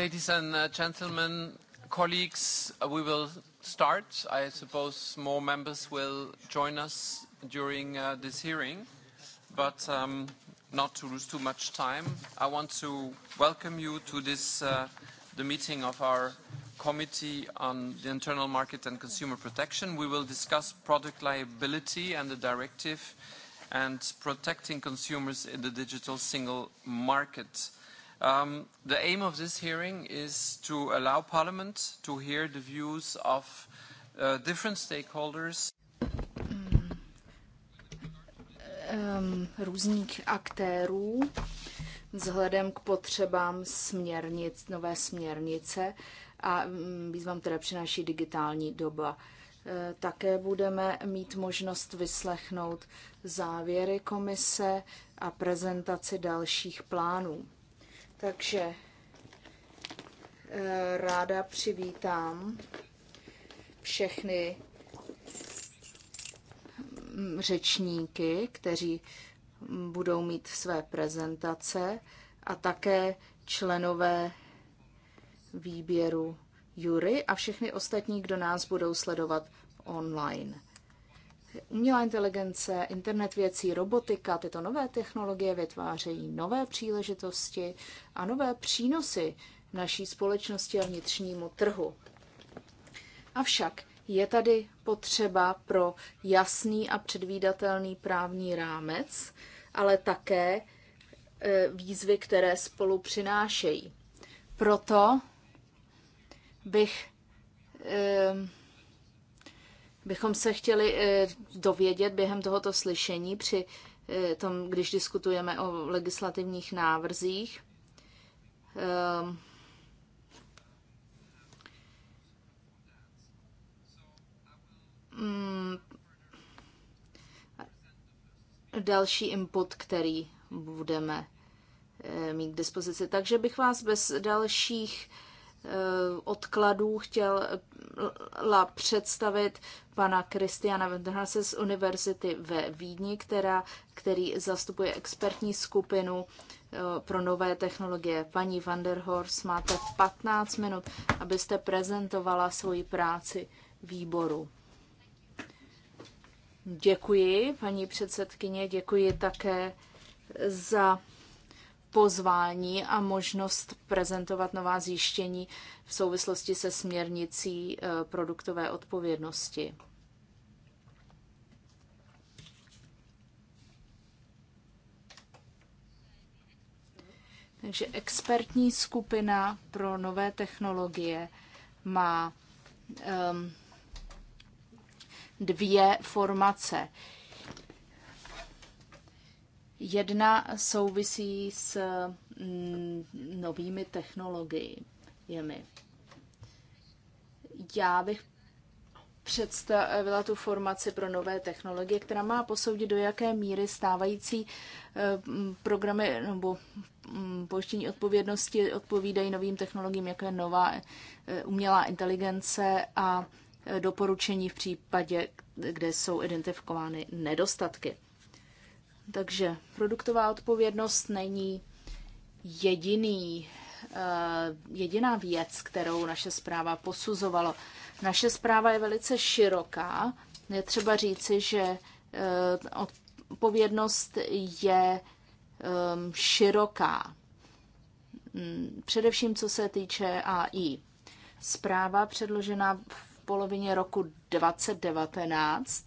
Ladies and uh, gentlemen, colleagues, uh, we will start. I suppose more members will join us during uh, this hearing, but um, not to lose too much time, I want to welcome you to this, uh, the meeting of our Committee on the Internal Market and Consumer Protection. We will discuss product liability and the directive and protecting consumers in the digital single market. Um, the aim of this hearing is to allow Parliament to hear the views of uh, different stakeholders. Mm. Um, různých aktérů vzhledem k potřebám směrnic, nové směrnice a mm, výzvám, které přináší digitální doba. Uh, také budeme mít možnost vyslechnout závěry komise a prezentaci dalších plánů. Takže eh, ráda přivítám všechny mm, řečníky, kteří budou mít své prezentace a také členové výběru jury a všechny ostatní, kdo nás budou sledovat online. Umělá inteligence, internet věcí, robotika, tyto nové technologie vytvářejí nové příležitosti a nové přínosy naší společnosti a vnitřnímu trhu. Avšak je tady potřeba pro jasný a předvídatelný právní rámec, ale také e, výzvy, které spolu přinášejí. Proto bych e, bychom se chtěli eh, dovědět během tohoto slyšení při eh, tom, když diskutujeme o legislativních návrzích. Ehm, mm, další input, který budeme eh, mít k dispozici. Takže bych vás bez dalších Eh, odkladů chtěla představit pana Kristiana Wenderhase z Univerzity ve Vídni, která, který zastupuje expertní skupinu eh, pro nové technologie. Paní Vanderhorst, máte 15 minut, abyste prezentovala svoji práci výboru. Děkuji, paní předsedkyně, děkuji také za pozvání a možnost prezentovat nová zjištění v souvislosti se směrnicí eh, produktové odpovědnosti. Takže expertní skupina pro nové technologie má um, dvě formace. Jedna souvisí s mm, novými technologiemi. Já bych představila tu formaci pro nové technologie, která má posoudit, do jaké míry stávající eh, mm, programy nebo mm, pojištění odpovědnosti odpovídají novým technologiím, jako je nová eh, umělá inteligence a eh, doporučení v případě, kde jsou identifikovány nedostatky. Takže produktová odpovědnost není jediný, eh, jediná věc, kterou naše zpráva posuzovalo. Naše zpráva je velice široká. Je třeba říci, že eh, odpovědnost je ehm, široká. Mm, především co se týče AI. Zpráva předložená v polovině roku 2019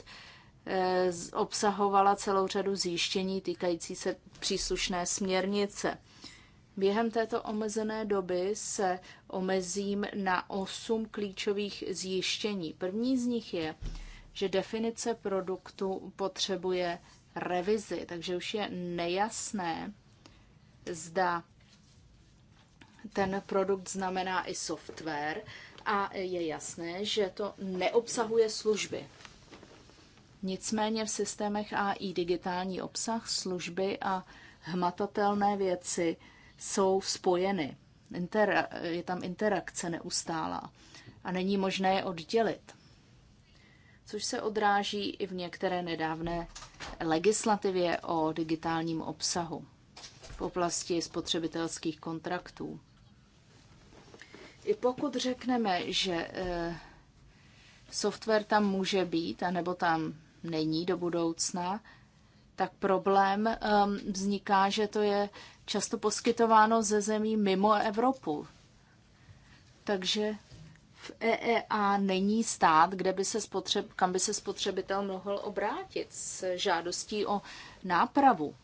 Eh, obsahovala celou řadu zjištění týkající se příslušné směrnice. Během této omezené doby se omezím na osm klíčových zjištění. První z nich je, že definice produktu potřebuje revizi, takže už je nejasné, zda ten produkt znamená i software a je jasné, že to neobsahuje služby. Nicméně v systémech AI digitální obsah, služby a hmatatelné věci jsou spojeny. Intera- je tam interakce neustálá a není možné je oddělit. Což se odráží i v některé nedávné legislativě o digitálním obsahu v oblasti spotřebitelských kontraktů. I pokud řekneme, že eh, software tam může být, anebo tam není do budoucna, tak problém um, vzniká, že to je často poskytováno ze zemí mimo Evropu. Takže v EEA není stát, kde by se spotřeb, kam by se spotřebitel mohl obrátit s žádostí o nápravu.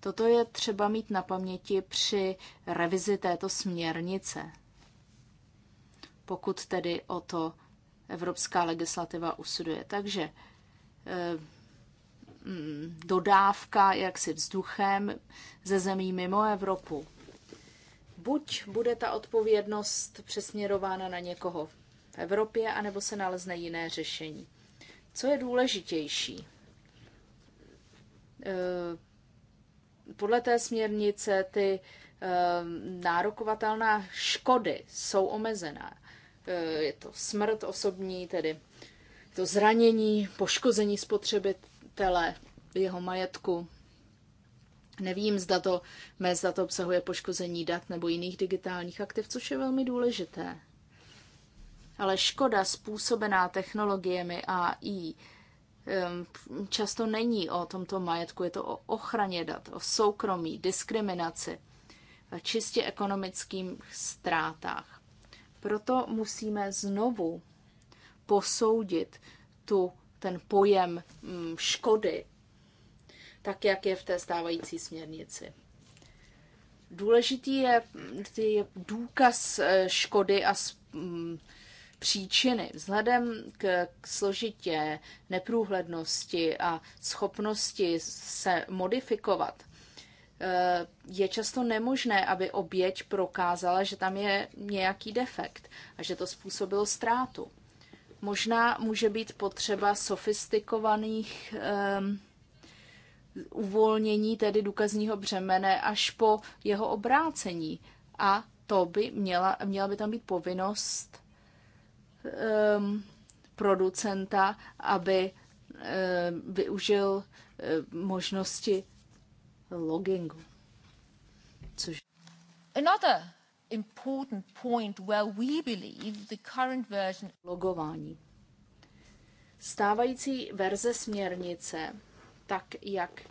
Toto je třeba mít na paměti při revizi této směrnice, pokud tedy o to evropská legislativa usuduje. Takže eh, mm, dodávka jaksi vzduchem ze zemí mimo Evropu. Buď bude ta odpovědnost přesměrována na někoho v Evropě, anebo se nalezne jiné řešení. Co je důležitější? Eh, podle té směrnice ty eh, nárokovatelná škody jsou omezená Eh, je to smrt osobní, tedy to zranění, poškození spotřebitele, jeho majetku. Nevím, zda to, mé zda to obsahuje poškození dat nebo jiných digitálních aktiv, což je velmi důležité. Ale škoda způsobená technologiemi AI často není o tomto majetku, je to o ochraně dat, o soukromí, diskriminaci, čistě ekonomickým ztrátách. Proto musíme znovu posoudit tu, ten pojem mm, škody, tak jak je v té stávající směrnici. Důležitý je, je důkaz eh, škody a mm, příčiny. Vzhledem k, složitě neprůhlednosti a schopnosti se modifikovat Eh, je často nemožné, aby oběť prokázala, že tam je nějaký defekt a že to způsobilo ztrátu. Možná může být potřeba sofistikovaných um, uvolnění tedy důkazního břemene až po jeho obrácení. A to by měla, měla by tam být povinnost um, producenta, aby um, využil um, možnosti logingu. Což... Another important point where we believe the current version logování. Stávající verze směrnice, tak jak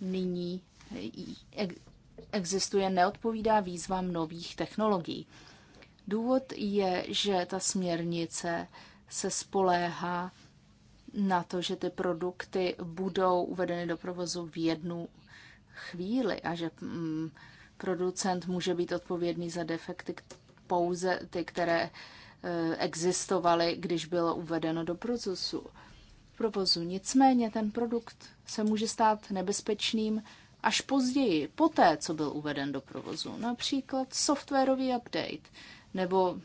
nyní e- existuje, neodpovídá výzvám nových technologií. Důvod je, že ta směrnice se spoléhá na to, že ty produkty budou uvedeny do provozu v jednu chvíli a že mm, producent může být odpovědný za defekty pouze ty, které e, existovaly, když bylo uvedeno do procesu. provozu. Nicméně ten produkt se může stát nebezpečným až později, poté, co byl uveden do provozu. Například softwarový update nebo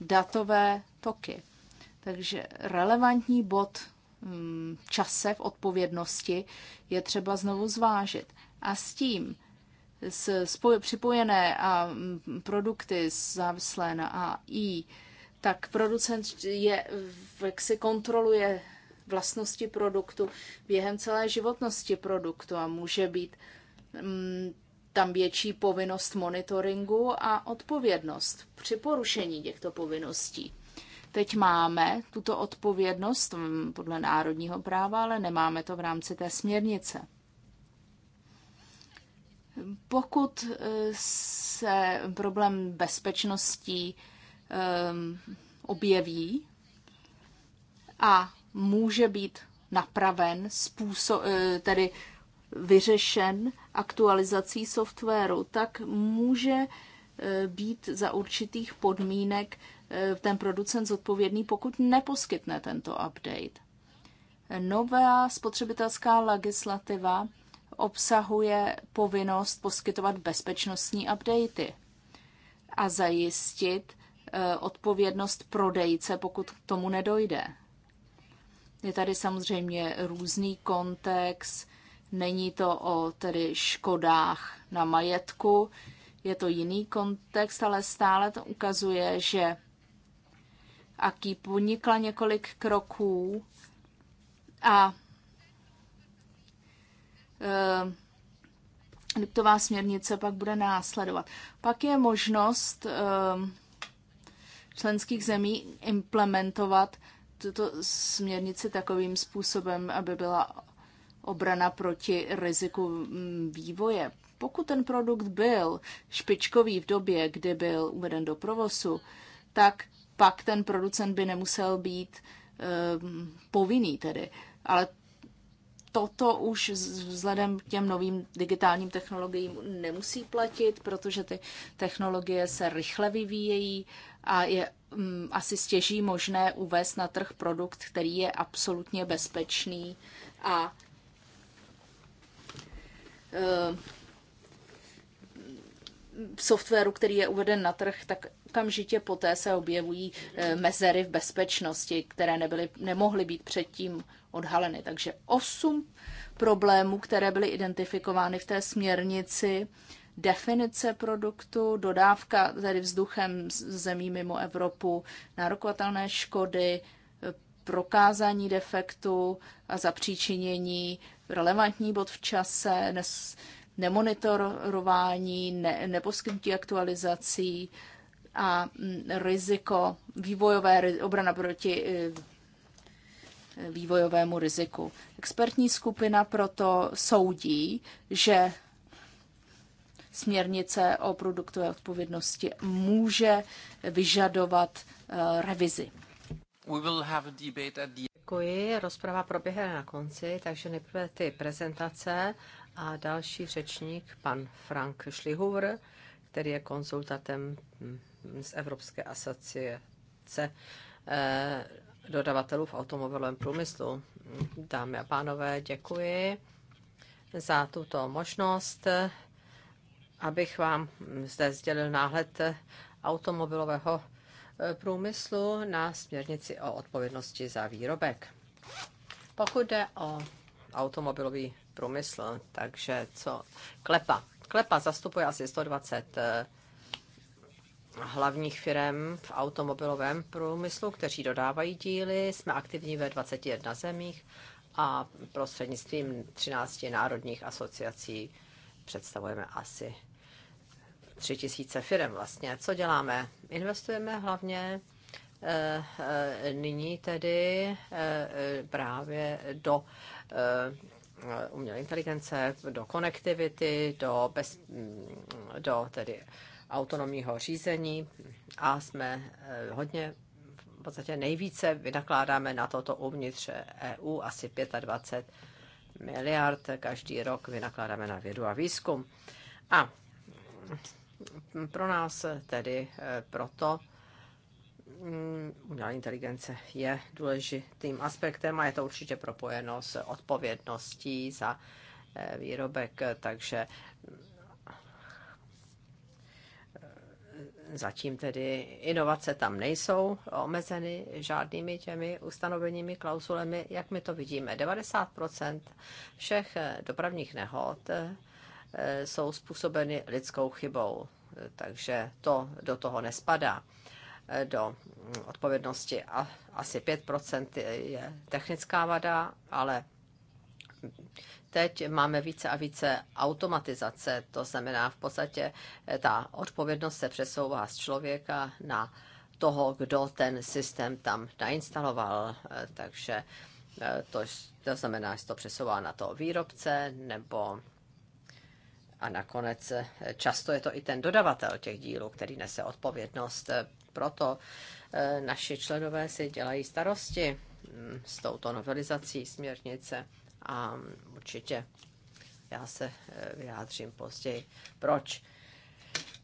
datové toky. Takže relevantní bod mm, čase v odpovědnosti je třeba znovu zvážit. A s tím s spoj, připojené a produkty závislé na AI, tak producent je, jak si kontroluje vlastnosti produktu během celé životnosti produktu a může být mm, tam větší povinnost monitoringu a odpovědnost při porušení těchto povinností. Teď máme tuto odpovědnost podle národního práva, ale nemáme to v rámci té směrnice. Pokud eh, se problém bezpečností um, objeví a může být napraven, způsob, eh, tedy vyřešen aktualizací softwaru, tak může eh, být za určitých podmínek ten producent zodpovědný, pokud neposkytne tento update. Nová spotřebitelská legislativa obsahuje povinnost poskytovat bezpečnostní updaty a zajistit eh, odpovědnost prodejce, pokud k tomu nedojde. Je tady samozřejmě různý kontext, není to o tedy škodách na majetku, je to jiný kontext, ale stále to ukazuje, že Aký podnikla několik kroků a Eh, Liptová směrnice pak bude následovat. Pak je možnost eh, členských zemí implementovat tuto směrnici takovým způsobem, aby byla obrana proti riziku mm, vývoje. Pokud ten produkt byl špičkový v době, kdy byl uveden do provozu, tak pak ten producent by nemusel být e, povinný tedy. Ale toto už vzhledem k těm novým digitálním technologiím nemusí platit, protože ty technologie se rychle vyvíjejí a je um, asi stěží možné uvést na trh produkt, který je absolutně bezpečný a uh, softwaru, který je uveden na trh, tak okamžitě poté se objevují eh, mezery v bezpečnosti, které nebyly, nemohly být předtím odhaleny. Takže osm problémů, které byly identifikovány v té směrnici, definice produktu, dodávka tedy vzduchem zemí mimo Evropu, nárokovatelné škody, eh, prokázání defektu a zapříčinění, relevantní bod v čase, nemonitorování, ne, neposkytnutí aktualizací a mm, riziko, vývojové obrana proti eh, vývojovému riziku. Expertní skupina proto soudí, že směrnice o produktové odpovědnosti může vyžadovat eh, revizi. Děkuji, rozprava proběhne na konci, takže nejprve ty prezentace a další řečník, pan Frank Schlihuver, který je konzultantem mm, z Evropské asociace eh, dodavatelů v automobilovém průmyslu. Dámy a pánové, děkuji za tuto možnost, abych vám zde sdělil náhled automobilového eh, průmyslu na směrnici o odpovědnosti za výrobek. Pokud jde o automobilový průmysl, takže co? Klepa. Klepa zastupuje asi 120 eh, hlavních firm v automobilovém průmyslu, kteří dodávají díly. Jsme aktivní ve 21 zemích a prostřednictvím 13 národních asociací představujeme asi 3000 firm vlastně. Co děláme? Investujeme hlavně eh, eh, nyní tedy právě do Eh, umělé inteligence, do konektivity, do, bez, mm, do tedy autonomního řízení a jsme eh, hodně v podstatě nejvíce vynakládáme na toto uvnitř EU asi 25 miliard každý rok vynakládáme na vědu a výzkum. A pro nás tedy eh, proto Mm, umělá inteligence je důležitým aspektem a je to určitě propojeno s odpovědností za eh, výrobek, takže eh, zatím tedy inovace tam nejsou omezeny žádnými těmi ustanoveními, klauzulemi, jak my to vidíme. 90% všech eh, dopravních nehod jsou způsobeny lidskou chybou, takže to do toho nespadá. Eh, do odpovědnosti. A asi 5% je technická vada, ale teď máme více a více automatizace, to znamená v podstatě eh, ta odpovědnost se přesouvá z člověka na toho, kdo ten systém tam nainstaloval, eh, takže to, to znamená, že to přesouvá na toho výrobce nebo a nakonec často je to i ten dodavatel těch dílů, který nese odpovědnost proto eh, naši členové si dělají starosti mm, s touto novelizací směrnice a mm, určitě já se eh, vyjádřím později, proč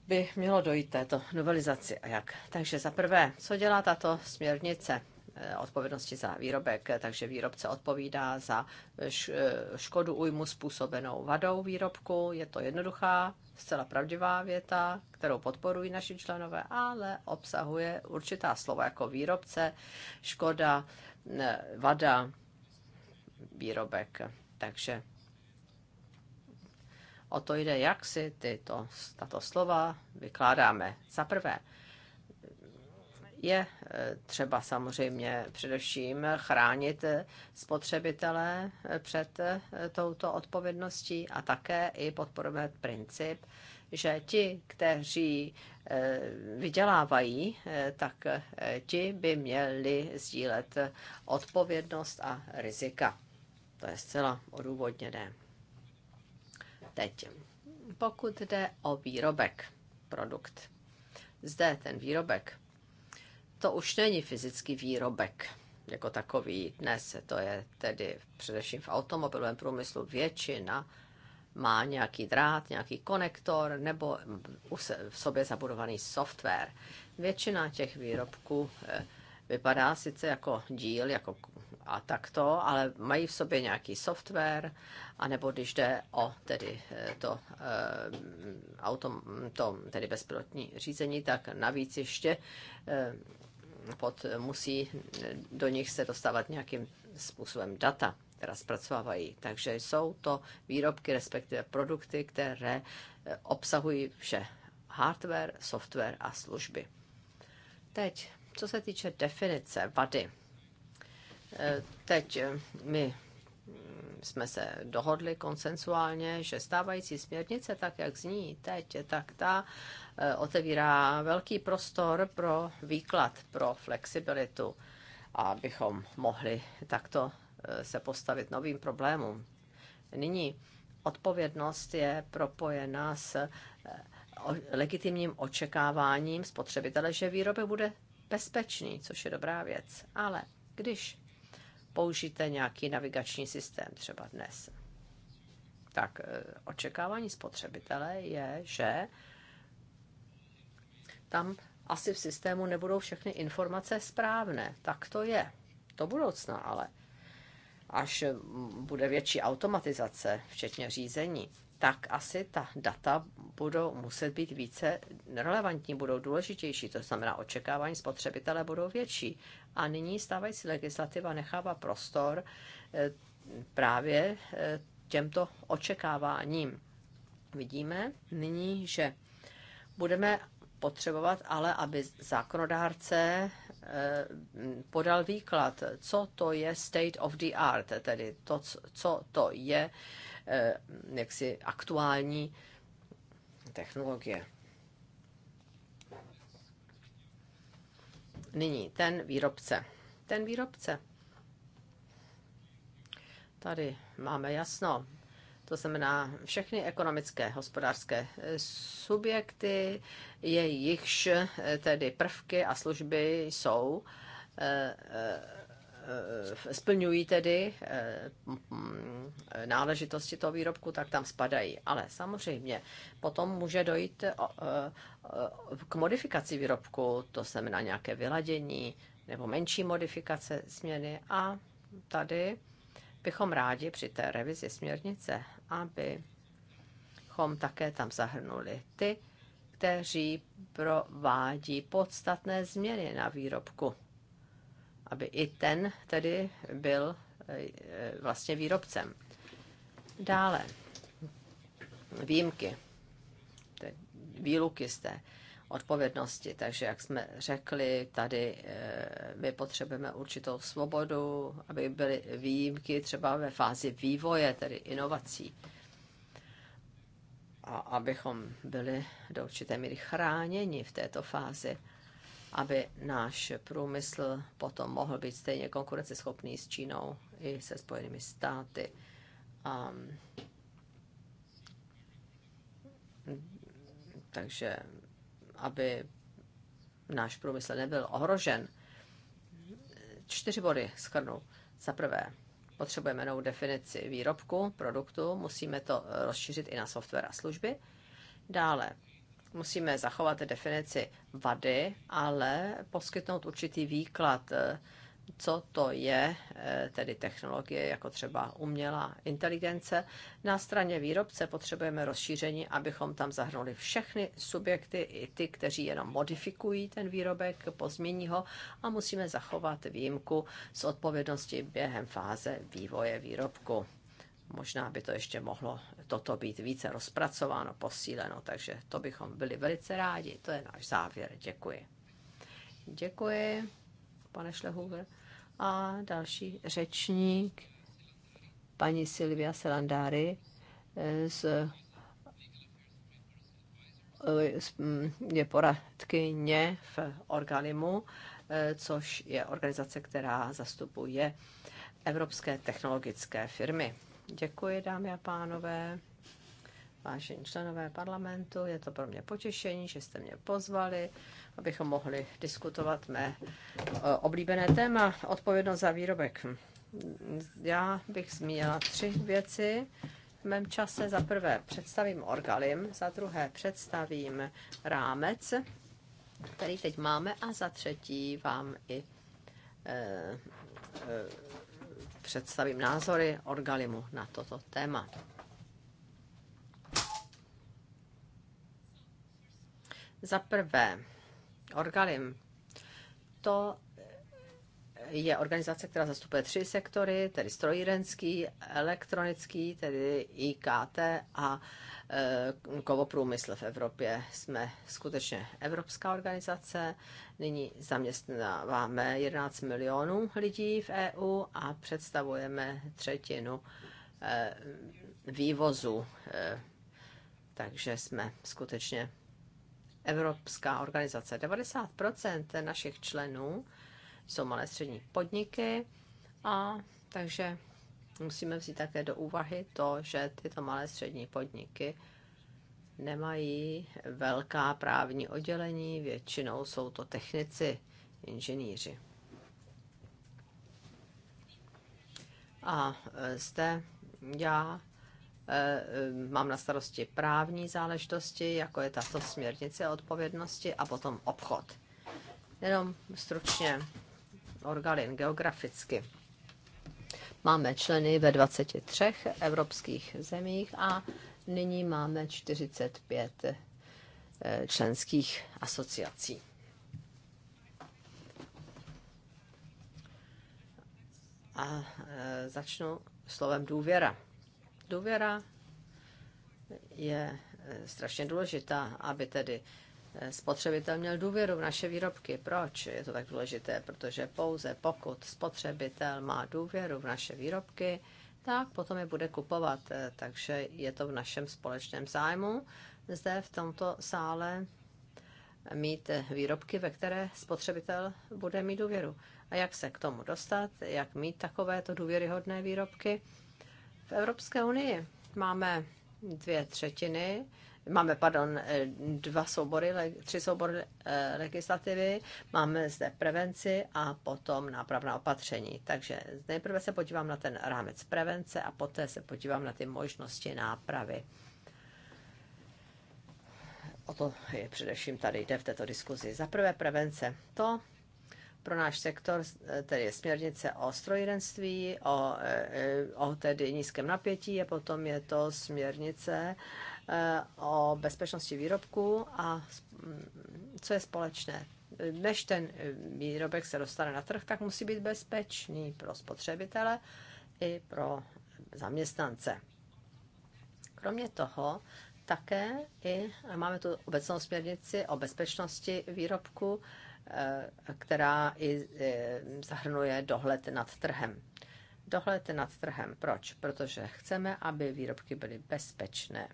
by mělo dojít této novelizaci a jak. Takže za prvé, co dělá tato směrnice? Eh, odpovědnosti za výrobek, takže výrobce odpovídá za škodu újmu způsobenou vadou výrobku. Je to jednoduchá zcela pravdivá věta, kterou podporují naši členové, ale obsahuje určitá slova jako výrobce, škoda, vada, výrobek. Takže o to jde, jak si tyto, tato slova vykládáme. Za prvé, je eh, třeba samozřejmě především chránit eh, spotřebitele eh, před touto odpovědností a také i podporovat princip, že ti, kteří vydělávají, tak ti by měli sdílet odpovědnost a rizika. To je zcela odůvodněné. Teď, pokud jde o výrobek, produkt. Zde ten výrobek to už není fyzický výrobek jako takový dnes. To je tedy především v automobilovém průmyslu většina má nějaký drát, nějaký konektor nebo v sobě zabudovaný software. Většina těch výrobků eh, vypadá sice jako díl, jako a takto, ale mají v sobě nějaký software, anebo když jde o tedy eh, to, eh, auto, to tedy bezpilotní řízení, tak navíc ještě pod, musí do nich se dostávat nějakým způsobem data, která zpracovávají. Takže jsou to výrobky, respektive produkty, které eh, obsahují vše. Hardware, software a služby. Teď, co se týče definice vady. Eh, teď eh, my mm, jsme se dohodli konsensuálně, že stávající směrnice, tak jak zní teď, tak ta Eh, otevírá velký prostor pro výklad, pro flexibilitu, abychom mohli takto eh, se postavit novým problémům. Nyní odpovědnost je propojena s eh, legitimním očekáváním spotřebitele, že výrobek bude bezpečný, což je dobrá věc. Ale když použijete nějaký navigační systém třeba dnes, tak očekávání spotřebitele je, že tam asi v systému nebudou všechny informace správné. Tak to je. To budoucna ale. Až eh, bude větší automatizace, včetně řízení, tak asi ta data budou muset být více relevantní, budou důležitější, to znamená očekávání spotřebitele budou větší. A nyní stávající legislativa nechává prostor eh, právě eh, těmto očekáváním. Vidíme nyní, že budeme potřebovat, ale aby zákonodárce eh, podal výklad, co to je state of the art, tedy to, co to je eh, jaksi aktuální technologie. Nyní ten výrobce. Ten výrobce. Tady máme jasno to znamená všechny ekonomické, hospodářské eh, subjekty, jejichž eh, tedy prvky a služby jsou eh, splňují tedy náležitosti toho výrobku, tak tam spadají. Ale samozřejmě potom může dojít k modifikaci výrobku, to znamená nějaké vyladění nebo menší modifikace změny a tady bychom rádi při té revizi směrnice, abychom také tam zahrnuli ty, kteří provádí podstatné změny na výrobku, aby i ten tedy byl eh, vlastně výrobcem. Dále výjimky, výluky z té odpovědnosti. Takže, jak jsme řekli, tady eh, my potřebujeme určitou svobodu, aby byly výjimky třeba ve fázi vývoje, tedy inovací. A abychom byli do určité míry chráněni v této fázi, aby náš průmysl potom mohl být stejně konkurenceschopný s Čínou i se Spojenými státy. A takže aby náš průmysl nebyl ohrožen. Čtyři body skrnu. Za prvé, potřebujeme novou definici výrobku, produktu, musíme to rozšířit i na software a služby. Dále, musíme zachovat definici vady, ale poskytnout určitý výklad eh, co to je eh, tedy technologie, jako třeba umělá inteligence. Na straně výrobce potřebujeme rozšíření, abychom tam zahrnuli všechny subjekty, i ty, kteří jenom modifikují ten výrobek, pozmění ho a musíme zachovat výjimku z odpovědnosti během fáze vývoje výrobku. Možná by to ještě mohlo toto být více rozpracováno, posíleno, takže to bychom byli velice rádi. To je náš závěr. Děkuji. Děkuji pane Šlehuver. A další řečník, paní Silvia Selandári eh, z eh, mm, je poradkyně v Organimu, eh, což je organizace, která zastupuje evropské technologické firmy. Děkuji, dámy a pánové vážení členové parlamentu, je to pro mě potěšení, že jste mě pozvali, abychom mohli diskutovat mé e, oblíbené téma, odpovědnost za výrobek. Já bych zmínila tři věci v mém čase. Za prvé představím Orgalim, za druhé představím rámec, který teď máme, a za třetí vám i e, e, představím názory Orgalimu na toto téma. Za prvé, Orgalim. To je organizace, která zastupuje tři sektory, tedy strojírenský, elektronický, tedy IKT a e, kovoprůmysl v Evropě. Jsme skutečně evropská organizace, nyní zaměstnáváme 11 milionů lidí v EU a představujeme třetinu e, vývozu. E, takže jsme skutečně evropská organizace. 90% našich členů jsou malé střední podniky a takže musíme vzít také do úvahy to, že tyto malé střední podniky nemají velká právní oddělení, většinou jsou to technici, inženýři. A e, zde já Eh, eh, mám na starosti právní záležitosti, jako je tato směrnice odpovědnosti a potom obchod. Jenom stručně Orgalin geograficky. Máme členy ve 23 evropských zemích a nyní máme 45 eh, členských asociací. A začnu slovem důvěra. Důvěra je eh, strašně důležitá, aby tedy eh, spotřebitel měl důvěru v naše výrobky. Proč je to tak důležité? Protože pouze pokud spotřebitel má důvěru v naše výrobky, tak potom je bude kupovat. Eh, takže je to v našem společném zájmu zde v tomto sále mít výrobky, ve které spotřebitel bude mít důvěru. A jak se k tomu dostat, jak mít takovéto důvěryhodné výrobky? Evropské unii máme dvě třetiny, máme, pardon, eh, dva soubory, tři soubory eh, legislativy, máme zde prevenci a potom nápravná opatření. Takže nejprve se podívám na ten rámec prevence a poté se podívám na ty možnosti nápravy. O to je především tady jde v této diskuzi. Za prvé prevence. To pro náš sektor, eh, tedy je směrnice o strojírenství, o, eh, o tedy nízkém napětí a potom je to směrnice eh, o bezpečnosti výrobků a mm, co je společné. Než ten výrobek se dostane na trh, tak musí být bezpečný pro spotřebitele i pro zaměstnance. Kromě toho také i máme tu obecnou směrnici o bezpečnosti výrobku, Eh, která i eh, zahrnuje dohled nad trhem. Dohled nad trhem. Proč? Protože chceme, aby výrobky byly bezpečné.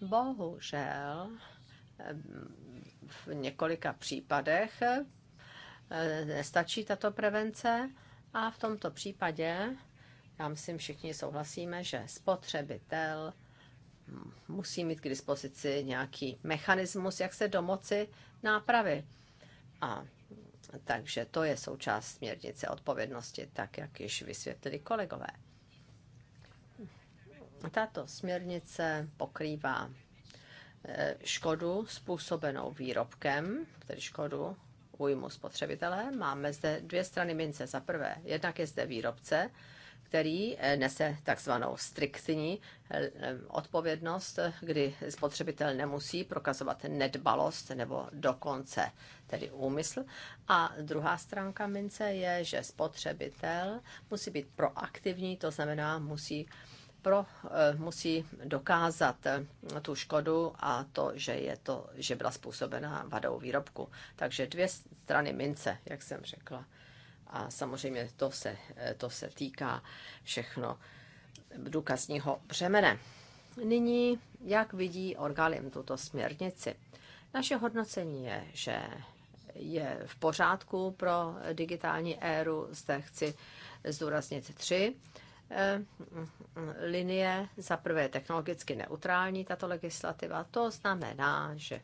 Bohužel eh, v několika případech nestačí tato prevence a v tomto případě, já myslím, všichni souhlasíme, že spotřebitel musí mít k dispozici nějaký mechanismus, jak se domoci nápravy. A takže to je součást směrnice odpovědnosti, tak jak již vysvětlili kolegové. Tato směrnice pokrývá eh, škodu způsobenou výrobkem, tedy škodu újmu spotřebitele. Máme zde dvě strany mince. Za prvé, jednak je zde výrobce, který eh, nese takzvanou striktní eh, odpovědnost, eh, kdy spotřebitel nemusí prokazovat nedbalost nebo dokonce tedy úmysl. A druhá stránka mince je, že spotřebitel musí být proaktivní, to znamená musí pro, musí dokázat tu škodu a to, že, je to, že byla způsobena vadou výrobku. Takže dvě strany mince, jak jsem řekla. A samozřejmě to se, to se týká všechno důkazního břemene. Nyní, jak vidí orgánem tuto směrnici? Naše hodnocení je, že je v pořádku pro digitální éru. Zde chci zdůraznit tři eh, linie. Za prvé technologicky neutrální tato legislativa. To znamená, že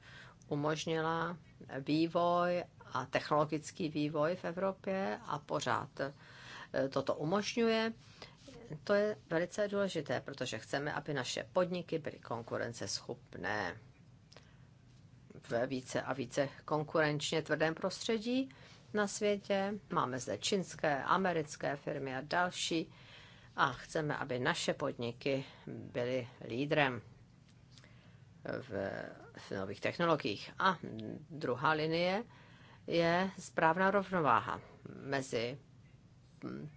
umožnila vývoj a technologický vývoj v Evropě a pořád e, toto umožňuje. To je velice důležité, protože chceme, aby naše podniky byly konkurenceschopné ve více a více konkurenčně tvrdém prostředí na světě. Máme zde čínské, americké firmy a další a chceme, aby naše podniky byly lídrem v v nových technologiích. A druhá linie je správná rovnováha mezi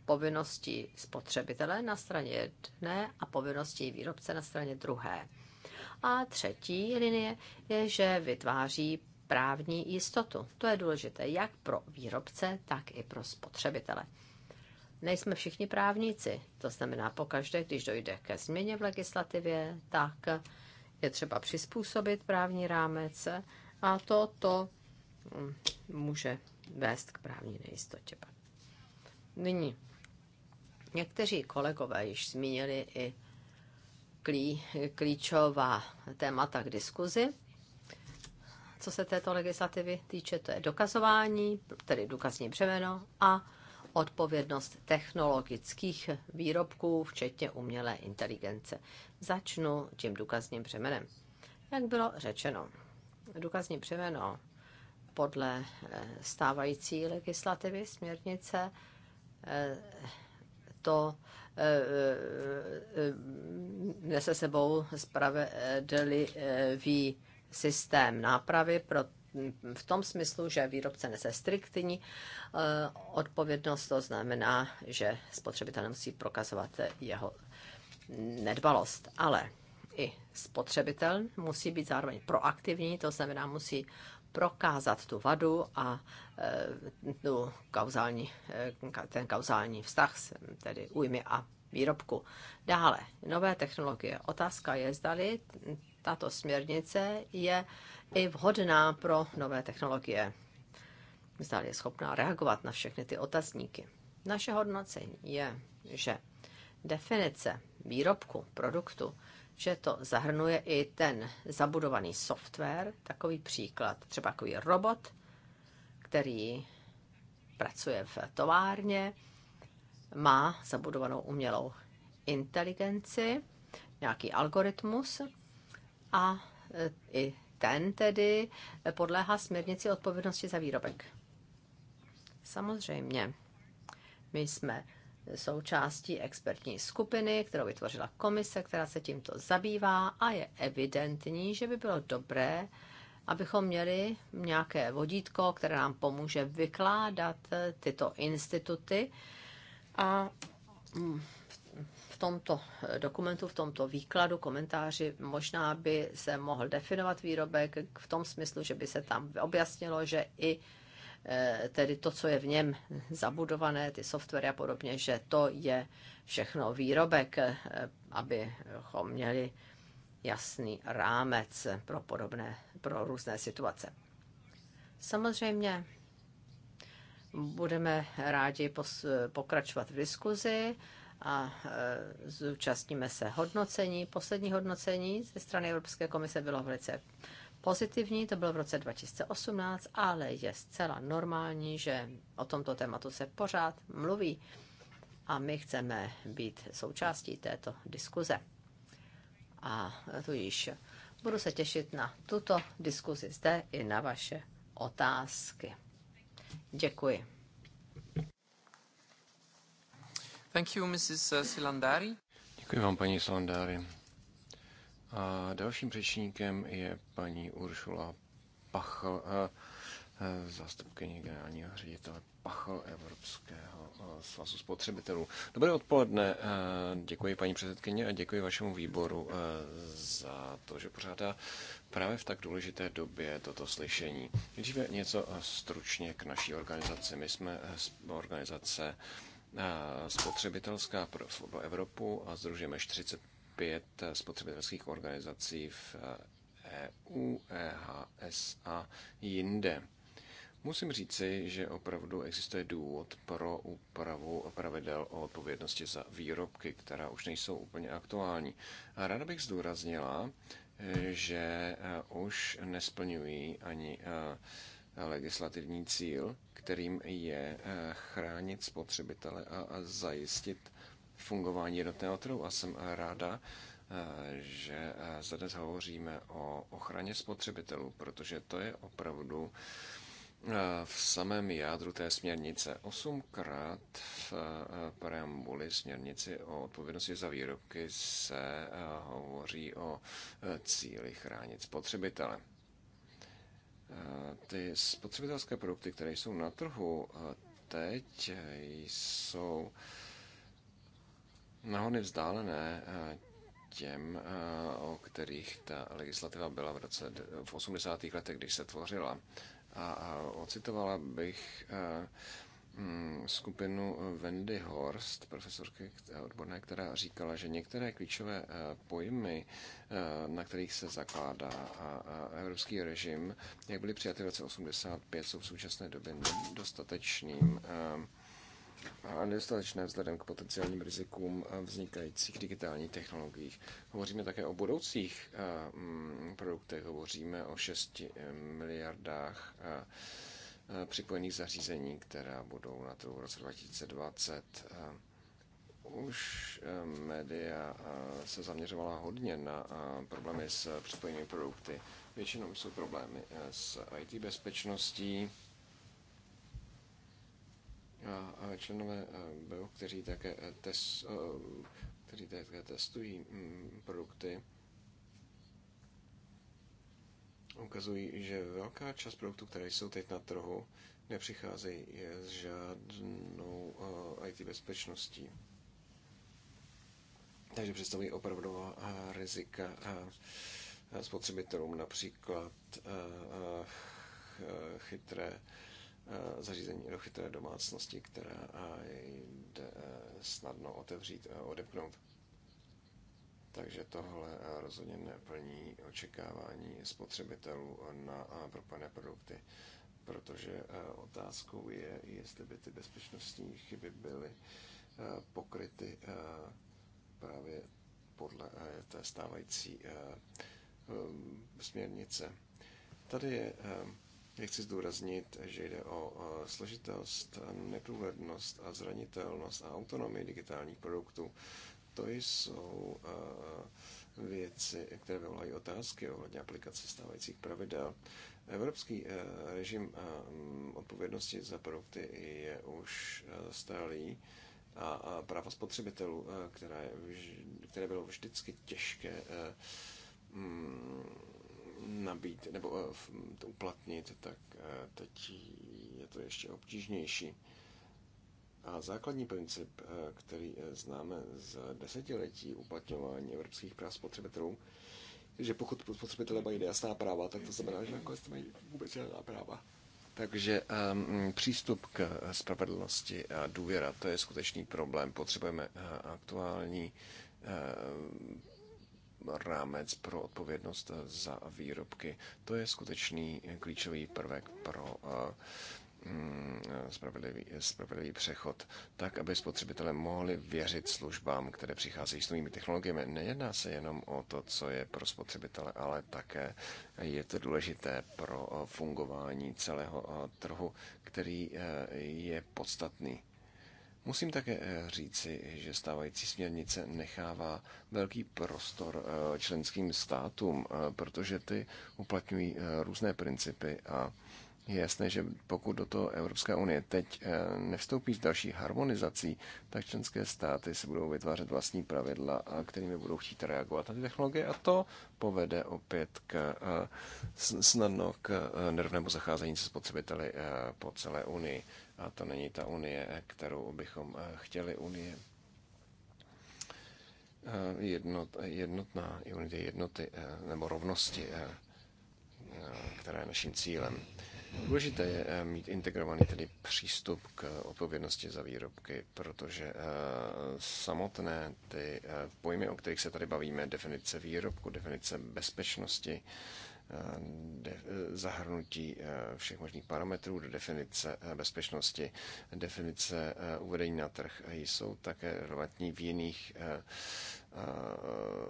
povinností spotřebitele na straně jedné a povinností výrobce na straně druhé. A třetí linie je, že vytváří právní jistotu. To je důležité jak pro výrobce, tak i pro spotřebitele. Nejsme všichni právníci, to znamená pokaždé, když dojde ke změně v legislativě, tak je třeba přizpůsobit právní rámec a to, to mm, může vést k právní nejistotě. Nyní, někteří kolegové již zmínili i klí, klíčová témata k diskuzi. Co se této legislativy týče, to je dokazování, tedy důkazní břemeno a odpovědnost technologických výrobků, včetně umělé inteligence. Začnu tím důkazním břemenem. Jak bylo řečeno, důkazní břemeno podle eh, stávající legislativy směrnice eh, to eh, nese sebou spravedlivý systém nápravy pro v tom smyslu, že výrobce nese striktní eh, odpovědnost, to znamená, že spotřebitel nemusí prokazovat jeho nedbalost. Ale i spotřebitel musí být zároveň proaktivní, to znamená, musí prokázat tu vadu a eh, tu kauzální, eh, ten kauzální vztah, tedy újmy a výrobku. Dále, nové technologie. Otázka je, zdali tato směrnice je i vhodná pro nové technologie. Zda je schopná reagovat na všechny ty otazníky. Naše hodnocení je, že definice výrobku, produktu, že to zahrnuje i ten zabudovaný software, takový příklad, třeba takový robot, který pracuje v továrně, má zabudovanou umělou inteligenci, nějaký algoritmus, a e, i ten tedy podléhá směrnici odpovědnosti za výrobek. Samozřejmě, my jsme součástí expertní skupiny, kterou vytvořila komise, která se tímto zabývá a je evidentní, že by bylo dobré, abychom měli nějaké vodítko, které nám pomůže vykládat e, tyto instituty a mm, v tomto eh, dokumentu, v tomto výkladu, komentáři, možná by se mohl definovat výrobek v tom smyslu, že by se tam objasnilo, že i eh, tedy to, co je v něm zabudované, ty softwary a podobně, že to je všechno výrobek, eh, abychom měli jasný rámec pro podobné, pro různé situace. Samozřejmě budeme rádi pokračovat v diskuzi a e, zúčastníme se hodnocení. Poslední hodnocení ze strany Evropské komise bylo velice pozitivní, to bylo v roce 2018, ale je zcela normální, že o tomto tématu se pořád mluví a my chceme být součástí této diskuze. A tudíž budu se těšit na tuto diskuzi zde i na vaše otázky. Děkuji. Thank you, Mrs. Silandari. Děkuji vám, paní Silandari. A dalším řečníkem je paní Uršula Pachl, eh, eh, zástupkyně generálního ředitele Pachl Evropského eh, svazu spotřebitelů. Dobré odpoledne, děkuji paní předsedkyně a děkuji vašemu výboru za to, že pořádá právě v tak důležité době toto slyšení. Nejdříve něco stručně k naší organizaci. My jsme organizace spotřebitelská pro Evropu a združujeme 45 spotřebitelských organizací v EU, eh, e EHS a jinde. Musím říci, že opravdu existuje důvod pro úpravu pravidel o odpovědnosti za výrobky, která už nejsou úplně aktuální. A ráda bych zdůraznila, eh, že eh, už nesplňují ani legislativní cíl, kterým je eh, chránit spotřebitele a zajistit fungování jednotného trhu. A jsem eh, ráda, eh, že zde dnes hovoříme o ochraně spotřebitelů, protože to je opravdu v samém jádru té směrnice. Osmkrát v preambuli směrnici o odpovědnosti za výrobky se hovoří o cíli chránit spotřebitele. Eh, ty spotřebitelské produkty, které jsou na trhu eh, teď, eh, jsou nahony vzdálené těm, o kterých ta legislativa byla v, roce, v 80. letech, když se tvořila. A ocitovala bych Mm, skupinu eh, Wendy Horst, profesorky eh, odborné, která říkala, že některé klíčové eh, pojmy, na kterých se zakládá a evropský režim, jak byly přijaty v roce 85, jsou v současné době nedostatečným a nedostatečné vzhledem k potenciálním rizikům vznikajících digitálních technologiích. Hovoříme také o budoucích mm, produktech, hovoříme o 6 miliardách Eh, připojených zařízení, která budou na trhu v roce 2020. Eh, už eh, média se zaměřovala hodně na problémy s připojenými produkty. Většinou jsou problémy s IT bezpečností. A členové BEU, kteří také, test, kteří také testují mm, produkty, ukazují, že velká část produktů, které jsou teď na trhu, nepřicházejí s žádnou eh, IT bezpečností. Takže představují opravdu eh, rizika eh, spotřebitelům, například chytré zařízení do chytré domácnosti, která jde snadno otevřít a odepnout. Takže tohle eh, rozhodně neplní očekávání spotřebitelů eh, na eh, propojené produkty, protože otázkou je, jestli by ty bezpečnostní chyby byly pokryty právě podle té stávající směrnice. Tady je, jak chci zdůraznit, že jde o složitost, neprůhlednost a zranitelnost a autonomii digitálních produktů. To jsou eh, věci, které vyvolají otázky ohledně aplikace stávajících pravidel. Evropský eh, režim eh, mm, odpovědnosti za produkty je už stálý a práva spotřebitelů, které, které bylo vždycky těžké mm, nabít nebo uplatnit, tak teď je to ještě obtížnější. A základní princip, eh, který eh, známe z desetiletí uplatňování evropských práv spotřebitelů, že pokud spotřebitelé mají nejasná práva, tak to znamená, že nakonec mají vůbec žádná práva. Takže um, přístup k spravedlnosti a důvěra, to je skutečný problém. Potřebujeme eh, aktuální uh, rámec pro odpovědnost za výrobky. To je skutečný klíčový prvek pro uh, Mm, spravedlivý, spravedlivý přechod, tak aby spotřebitelé mohli věřit službám, které přicházejí s novými technologiemi. Nejedná se jenom o to, co je pro spotřebitele, ale také je to důležité pro eh, fungování celého eh, trhu, který eh, je podstatný. Musím také říci, že stávající směrnice nechává velký prostor členským státům, protože ty uplatňují různé principy a je jasné, že pokud do toho Evropská unie teď eh, nevstoupí s další harmonizací, tak členské státy si budou vytvářet vlastní pravidla, kterými budou chtít reagovat na ty technologie a to povede opět k, eh, snadno k eh, nervnému zacházení se spotřebiteli po celé unii. A to není ta unie, kterou bychom chtěli unie jednot, jednotná, unity jednoty nebo rovnosti, která je naším cílem. Důležité je eh, mít integrovaný tedy přístup k eh, odpovědnosti za výrobky, protože eh, samotné ty pojmy, o kterých se tady bavíme, definice výrobku, definice bezpečnosti, zahrnutí všech možných parametrů do definice bezpečnosti, definice uvedení na trh jsou také relevantní v jiných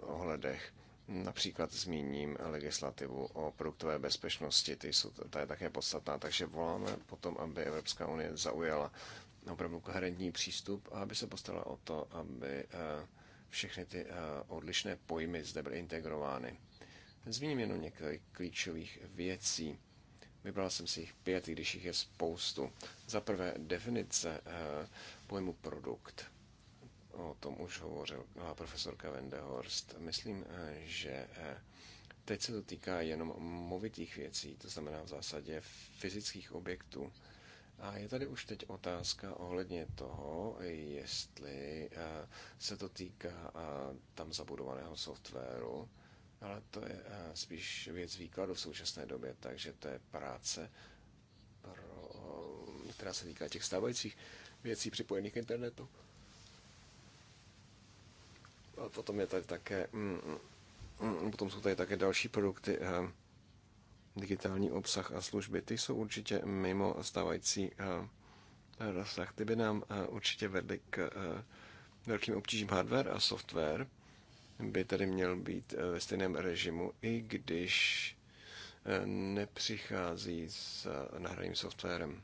ohledech. Například zmíním legislativu o produktové bezpečnosti, ty jsou, ta je také podstatná, takže voláme potom, aby Evropská unie zaujala opravdu koherentní přístup a aby se postarala o to, aby eh, všechny ty eh, odlišné pojmy zde byly integrovány. Zmíním jenom několik klíčových věcí. Vybral jsem si jich pět, když jich je spoustu. Za prvé definice eh, pojmu produkt. O tom už hovořil eh, profesorka Wendehorst. Myslím, eh, že eh, teď se to týká jenom movitých věcí, to znamená v zásadě fyzických objektů. A je tady už teď otázka ohledně toho, jestli se to týká tam zabudovaného softwaru, ale to je spíš věc výkladu v současné době, takže to je práce, pro, která se týká těch stávajících věcí připojených k internetu. A potom je tady také, mm, mm, mm, potom jsou tady také další produkty, eh, digitální obsah a služby. Ty jsou určitě mimo stávající eh, rozsah. Ty by nám eh, určitě vedly k velkým obtížím hardware a software by tady měl být ve stejném režimu, i když nepřichází s nahraným softwarem.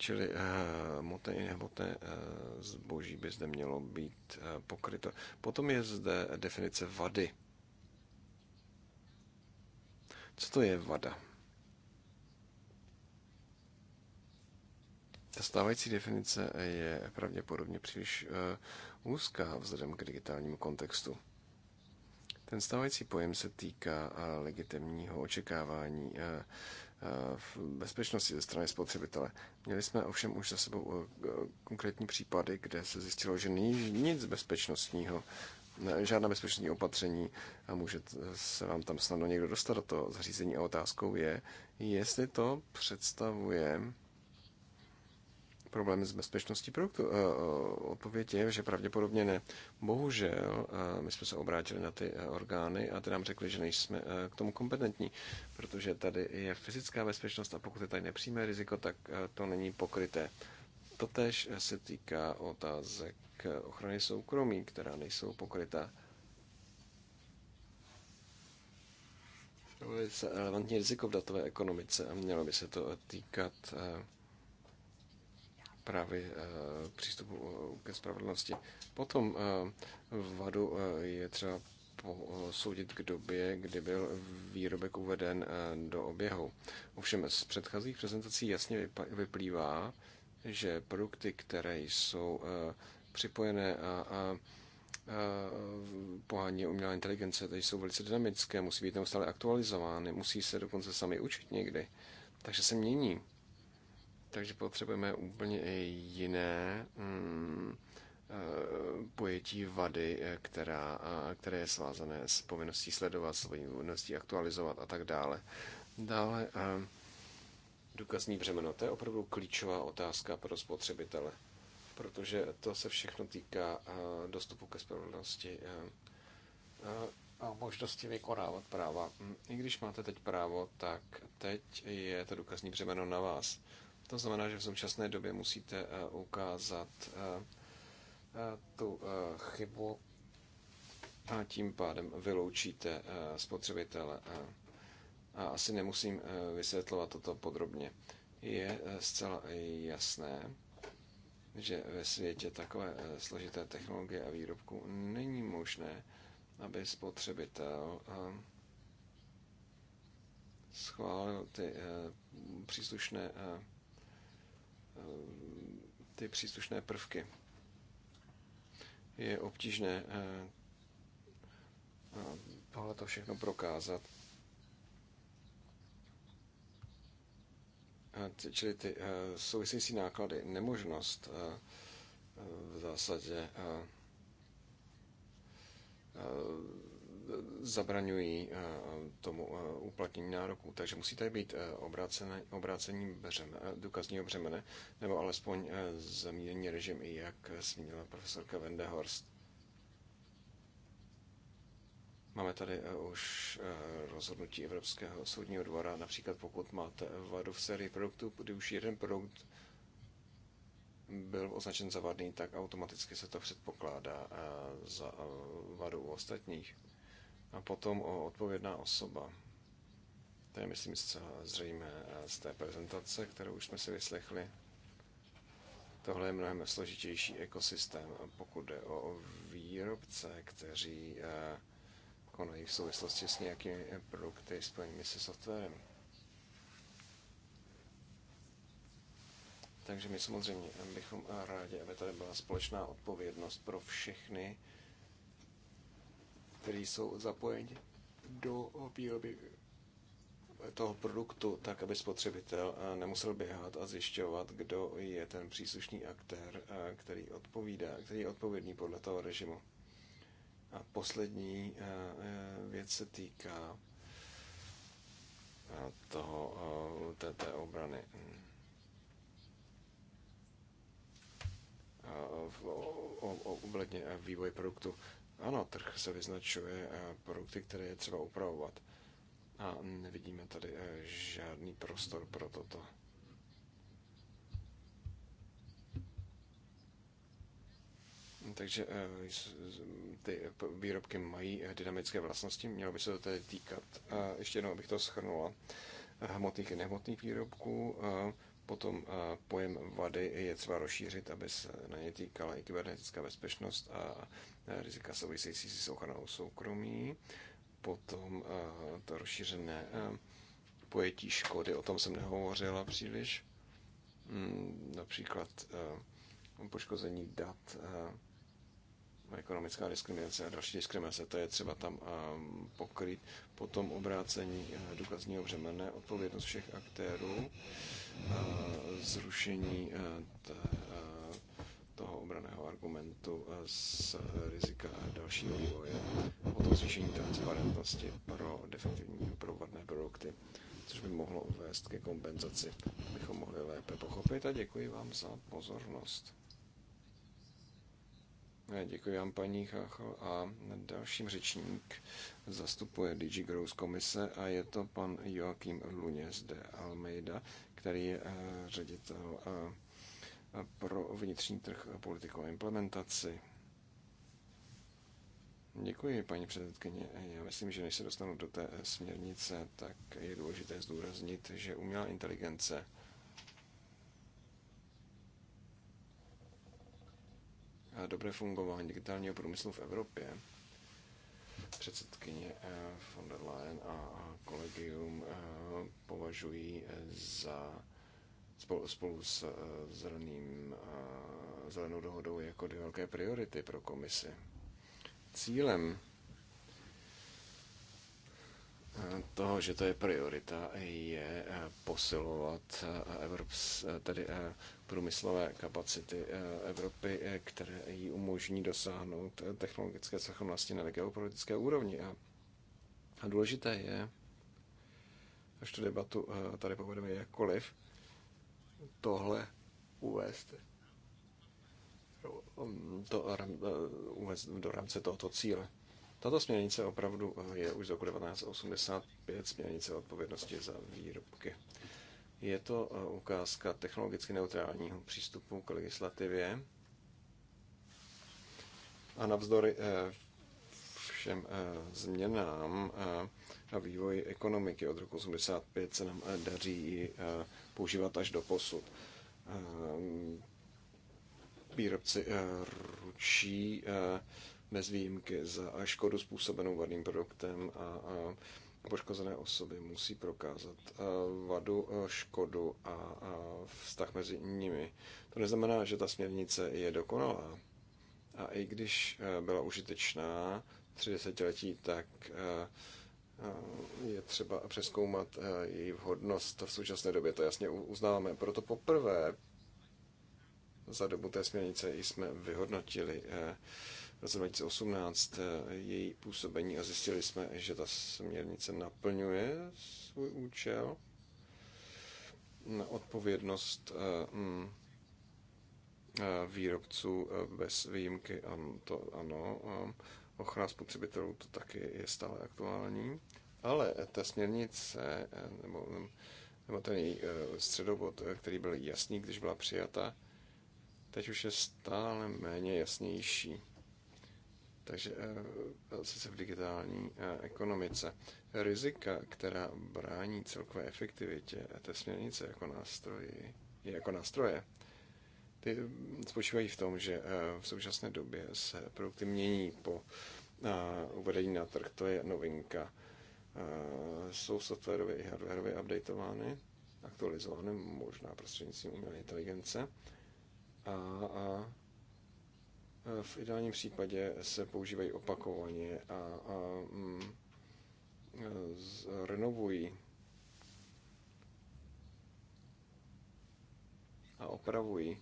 Čili hmotné eh, i nehmotné eh, zboží by zde mělo být eh, pokryto. Potom je zde definice vady. Co to je vada? Ta stávající definice je pravděpodobně příliš úzká vzhledem k digitálnímu kontextu. Ten stávající pojem se týká legitimního očekávání v bezpečnosti ze strany spotřebitele. Měli jsme ovšem už za sebou eh, konkrétní případy, kde se zjistilo, že není nic bezpečnostního, žádná bezpečnostní opatření a může se vám tam snadno někdo dostat do toho zařízení. A otázkou je, jestli to představuje problémy s bezpečností produktu? Eh, eh, odpověď je, že pravděpodobně ne. Bohužel, eh, my jsme se obrátili na ty orgány a ty nám řekli, že nejsme k tomu kompetentní, protože tady je fyzická bezpečnost a pokud je tady nepřímé riziko, tak to není pokryté. Totež se týká otázek ochrany soukromí, která nejsou pokrytá. Relevantní riziko v datové ekonomice a mělo by se to týkat právě eh, přístupu eh, ke spravedlnosti. Potom eh, vadu je třeba posoudit k době, kdy byl výrobek uveden do oběhu. Ovšem z předchozích prezentací jasně vyplývá, že produkty, které jsou připojené a, a pohání umělé inteligence, tady jsou velice dynamické, musí být neustále aktualizovány, musí se dokonce sami učit někdy. Takže se mění. Takže potřebujeme úplně jiné mm, eh, pojetí vady, eh, která, eh, které je svázané s povinností sledovat, s povinností aktualizovat a tak dále. Dále důkazní břemeno. To je opravdu klíčová otázka pro spotřebitele, protože to se všechno týká dostupu ke spravedlnosti a možnosti vykonávat práva. I když máte teď právo, tak teď je to důkazní břemeno na vás. To znamená, že v současné době musíte eh, ukázat eh, eh, tu chybu a tím pádem vyloučíte spotřebitele. A asi nemusím vysvětlovat toto podrobně. Je zcela jasné, že ve světě takové složité technologie a výrobku není možné, aby spotřebitel schválil ty příslušné Eh, ty příslušné prvky. Je obtížné eh, eh, tohle to všechno prokázat. Čili ty související náklady, nemožnost v zásadě zabraňují eh, tomu eh, uplatnění nároků. Takže musí tady být eh, obrácené, obrácení břeme, důkazního břemene, nebo alespoň zamíněný režim, i jak zmínila profesorka Wendehorst. Máme tady už rozhodnutí Evropského soudního dvora, například pokud máte vadu v sérii produktů, kdy už jeden produkt byl označen za vadný, tak automaticky se to předpokládá za vadu u ostatních a potom o odpovědná osoba. To je, myslím, zcela zřejmé z té prezentace, kterou už jsme si vyslechli. Tohle je mnohem složitější ekosystém, pokud jde o výrobce, kteří eh, konají v souvislosti s nějakými produkty spojenými se softwarem. Takže my samozřejmě bychom rádi, aby tady byla společná odpovědnost pro všechny, kteří jsou zapojeni do výroby toho produktu, tak aby spotřebitel nemusel běhat a zjišťovat, kdo je ten příslušný aktér, který odpovídá, který je odpovědný podle toho režimu. A poslední věc se týká toho té obrany. Ohledně vývoje produktu. Ano, trh se vyznačuje eh, produkty, které je třeba upravovat. A nevidíme tady eh, žádný prostor pro toto. Takže eh, ty výrobky mají dynamické vlastnosti, mělo by se to tedy týkat, ještě jednou abych to shrnula, hmotných i nehmotných výrobků, Potom eh, pojem vady je třeba rozšířit, aby se na ně týkala i kybernetická bezpečnost a eh, rizika související s ochranou soukromí. Potom eh, to rozšířené pojetí škody, o tom jsem nehovořila příliš. Mm, například poškození dat, ekonomická diskriminace a další diskriminace, to je třeba tam pokryt. Potom obrácení důkazního břemene, odpovědnost všech aktérů Eh, zrušení eh, eh, toho obraného argumentu z rizika dalšího vývoje, o tom zvýšení transparentnosti pro defektivní provadné produkty, což by mohlo vést ke kompenzaci, abychom mohli lépe pochopit a děkuji vám za pozornost. Děkuji vám, paní Cháchal. A dalším řečník zastupuje DG komise a je to pan Joachim Luně z de Almeida, který je eh, ředitel eh, pro vnitřní trh a politikou implementaci. Děkuji, paní předsedkyně. Já myslím, že než se dostanu do té směrnice, tak je důležité zdůraznit, že umělá inteligence a dobré fungování digitálního průmyslu v Evropě předsedkyně eh, von der Leyen a kolegium eh, považují eh, za spolu, spolu s zeleným, zelenou dohodou jako dvě velké priority pro komisi. Cílem toho, že to je priorita, je posilovat Evrops, tedy průmyslové kapacity eh, Evropy, eh, které jí umožní dosáhnout eh, technologické schopnosti na geopolitické úrovni. A, důležité je, až tu debatu tady povedeme jakkoliv, tohle uvést to, uvést do rámce tohoto cíle. Tato směrnice opravdu je už z roku 1985 směrnice odpovědnosti za výrobky. Je to eh, ukázka technologicky neutrálního přístupu k legislativě. A navzdory eh, všem eh, změnám a vývoji ekonomiky od roku 85 se nám daří používat až do posud. Výrobci ručí bez výjimky za škodu způsobenou vadným produktem a poškozené osoby musí prokázat eh, vadu, eh, škodu a vztah mezi nimi. To neznamená, že ta směrnice je dokonalá. A i když eh, byla užitečná tři desetiletí, tak je třeba přeskoumat její vhodnost v současné době. To jasně uznáváme. Proto poprvé za dobu té směrnice jsme vyhodnotili roce 2018 eh, její působení a zjistili jsme, že ta směrnice naplňuje svůj účel na odpovědnost eh, mm, eh, výrobců bez výjimky, to ano, ochrana spotřebitelů to taky je stále aktuální, ale ta směrnice, nebo, nebo ten její středobod, který byl jasný, když byla přijata, teď už je stále méně jasnější takže eh, se v digitální eh, ekonomice. Rizika, která brání celkové efektivitě té směrnice jako nástroji, jako nástroje, ty spočívají v tom, že eh, v současné době se produkty mění po uvedení na trh, to je novinka. Jsou softwarově i hardwarově updatovány, aktualizovány možná prostřednictvím umělé inteligence. A, a v ideálním případě se používají opakovaně a, a mm, renovují a opravují.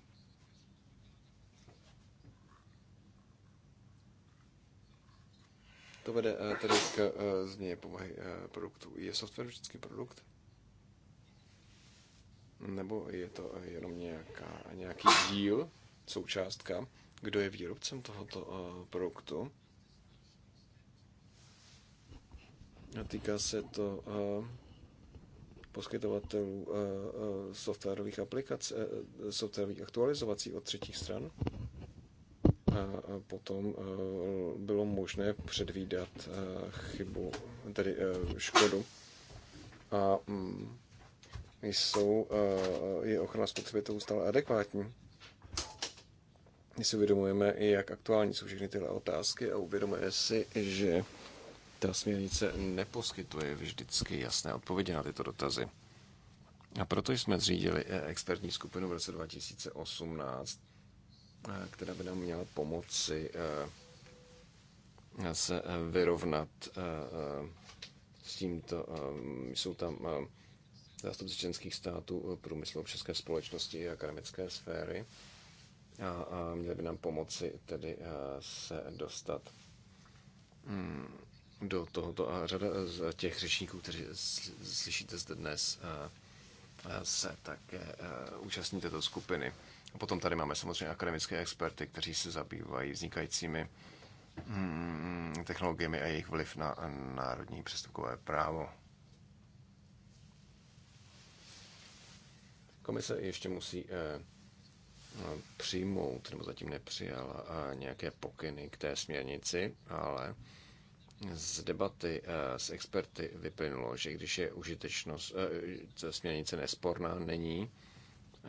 To vede eh, tedy k eh, změně povahy eh, produktu. Je software vždycky produkt? Nebo je to jenom nějaká, nějaký díl, součástka? kdo je výrobcem tohoto eh, produktu. A týká se to eh, poskytovatelů eh, softwarových aplikací, softwarových aktualizací od třetích stran. A potom bylo možné předvídat chybu, tedy škodu. A mm, jsou, je ochrana spotřebitelů stále adekvátní? My si uvědomujeme, jak aktuální jsou všechny tyhle otázky a uvědomujeme si, že ta směrnice neposkytuje vždycky jasné odpovědi na tyto dotazy. A proto jsme zřídili e, expertní skupinu v roce 2018, e, která by nám měla pomoci e, se vyrovnat s tímto. Jsou tam zástupci členských států, průmyslu, české společnosti a akademické sféry a, a měli by nám pomoci tedy eh, se dostat mm, do tohoto. A eh, řada z těch řečníků, kteří slyšíte zde dnes, eh, se také účastní této skupiny. A potom tady máme samozřejmě akademické experty, kteří se zabývají vznikajícími mm, technologiemi a jejich vliv na národní přestupkové právo. Komise ještě musí No, přijmout, nebo zatím nepřijal nějaké pokyny k té směrnici, ale z debaty eh, s experty vyplynulo, že když je užitečnost eh, směrnice nesporná, není, eh,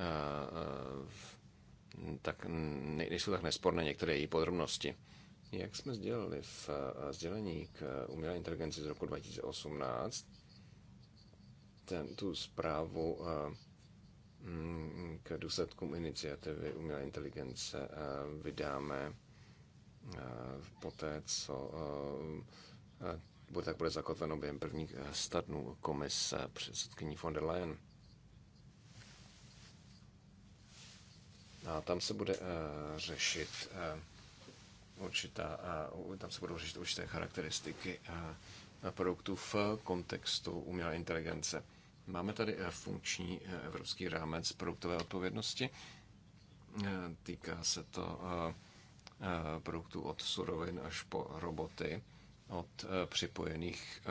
tak nejsou tak nesporné některé její podrobnosti. Jak jsme sdělali v sdělení k umělé inteligenci z roku 2018, ten, tu zprávu Mm, k důsledkům iniciativy umělé inteligence eh, vydáme eh, poté, co bude, eh, tak bude zakotveno během prvních stadnů komise předsedkyní von der Leyen. A tam se bude řešit určitá, tam se budou řešit určité charakteristiky produktů v kontextu umělé inteligence. Máme tady eh, funkční eh, evropský rámec produktové odpovědnosti. Eh, týká se to produktů od surovin až po roboty, od připojených,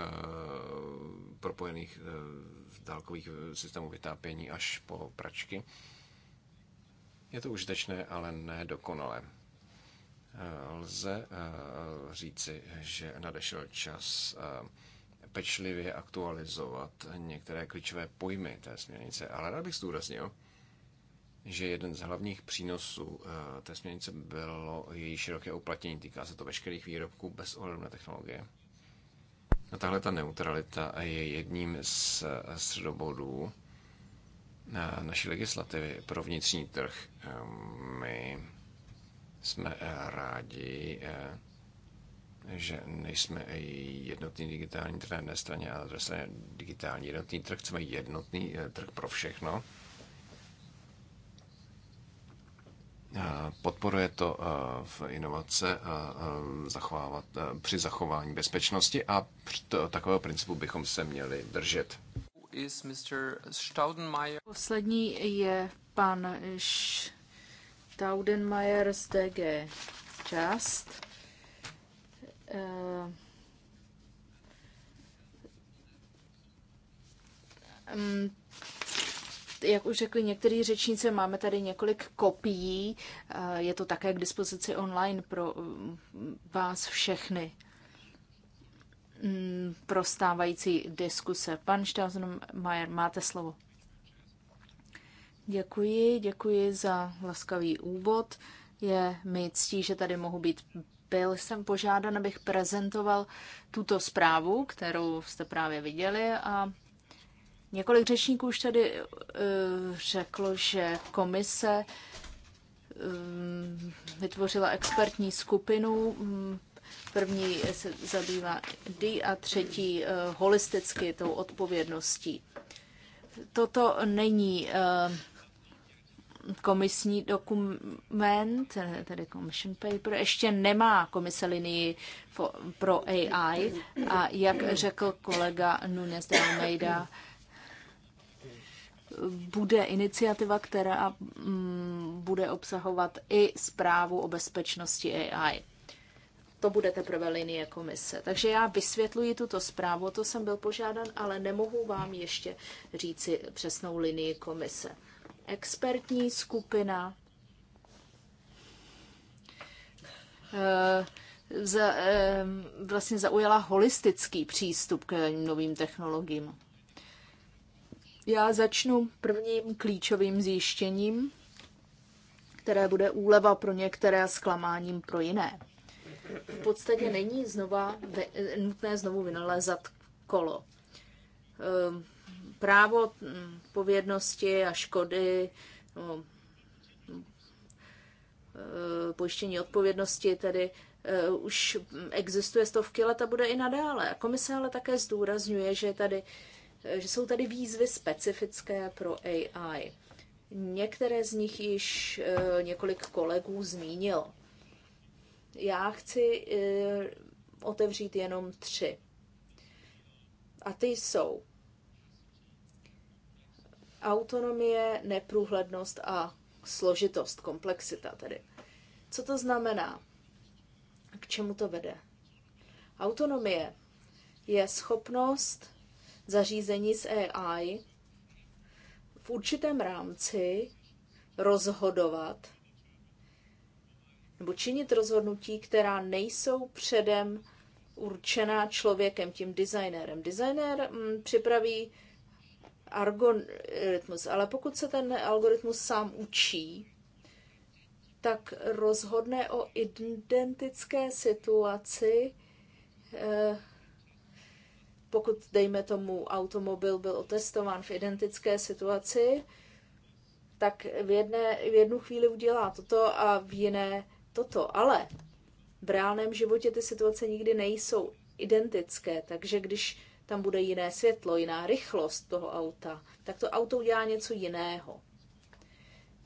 propojených dálkových systémů vytápění až po pračky. Je to užitečné, ale ne dokonalé. Lze říci, že nadešel čas pečlivě aktualizovat některé klíčové pojmy té směrnice. Ale rád bych zdůraznil, že jeden z hlavních přínosů eh, té směrnice bylo její široké uplatnění. Týká se to veškerých výrobků bez ohledu na technologie. A tahle ta neutralita je jedním z středobodů eh, na eh, naší legislativy pro vnitřní trh. My jsme rádi, že nejsme jednotný digitální trh na jedné straně, ale na druhé straně digitální jednotný trh. Chceme jednotný eh, trh pro všechno. Podporuje to eh, v inovace a zachovávat, eh, při zachování bezpečnosti a takového principu bychom se měli držet. Poslední je pan Staudenmayer z DG. Část. Eh, mm, jak už řekli některý řečníci, máme tady několik kopií. Eh, je to také k dispozici online pro mm, vás všechny mm, prostávající diskuse. Pan Štázenmajer, máte slovo. Děkuji, děkuji za laskavý úvod. Je mi ctí, že tady mohu být byl jsem požádán, abych prezentoval tuto zprávu, kterou jste právě viděli a několik řečníků už tady uh, řeklo, že komise um, vytvořila expertní skupinu, um, první se zabývá D a třetí uh, holisticky tou odpovědností. Toto není uh, komisní dokument, eh, tedy commission paper, ještě nemá komise linii pro AI a jak řekl kolega Nunes de Almeida, bude iniciativa, která mm, bude obsahovat i zprávu o bezpečnosti AI. To bude teprve linie komise. Takže já vysvětluji tuto zprávu, to jsem byl požádan, ale nemohu vám ještě říci přesnou linii komise expertní skupina eh, eh, vlastně zaujala holistický přístup k novým technologiím. Já začnu prvním klíčovým zjištěním, které bude úleva pro některé a zklamáním pro jiné. V podstatě není znova, nutné znovu vynalézat kolo. Ehm, právo mm, povědnosti a škody, no, mm, eh, pojištění odpovědnosti tedy eh, už existuje stovky let a bude i nadále. A komise ale také zdůrazňuje, že, tady, eh, že jsou tady výzvy specifické pro AI. Některé z nich již několik kolegů zmínil. Já chci otevřít jenom tři. A ty jsou Autonomie, neprůhlednost a složitost, komplexita tedy. Co to znamená? K čemu to vede? Autonomie je schopnost zařízení s AI v určitém rámci rozhodovat nebo činit rozhodnutí, která nejsou předem určená člověkem, tím designérem. Designér mm, připraví algoritmus. Ale pokud se ten algoritmus sám učí, tak rozhodne o identické situaci, eh, pokud, dejme tomu, automobil byl otestován v identické situaci, tak v, jedné, v jednu chvíli udělá toto a v jiné toto. Ale v reálném životě ty situace nikdy nejsou identické, takže když tam bude jiné světlo, jiná rychlost toho auta, tak to auto udělá něco jiného.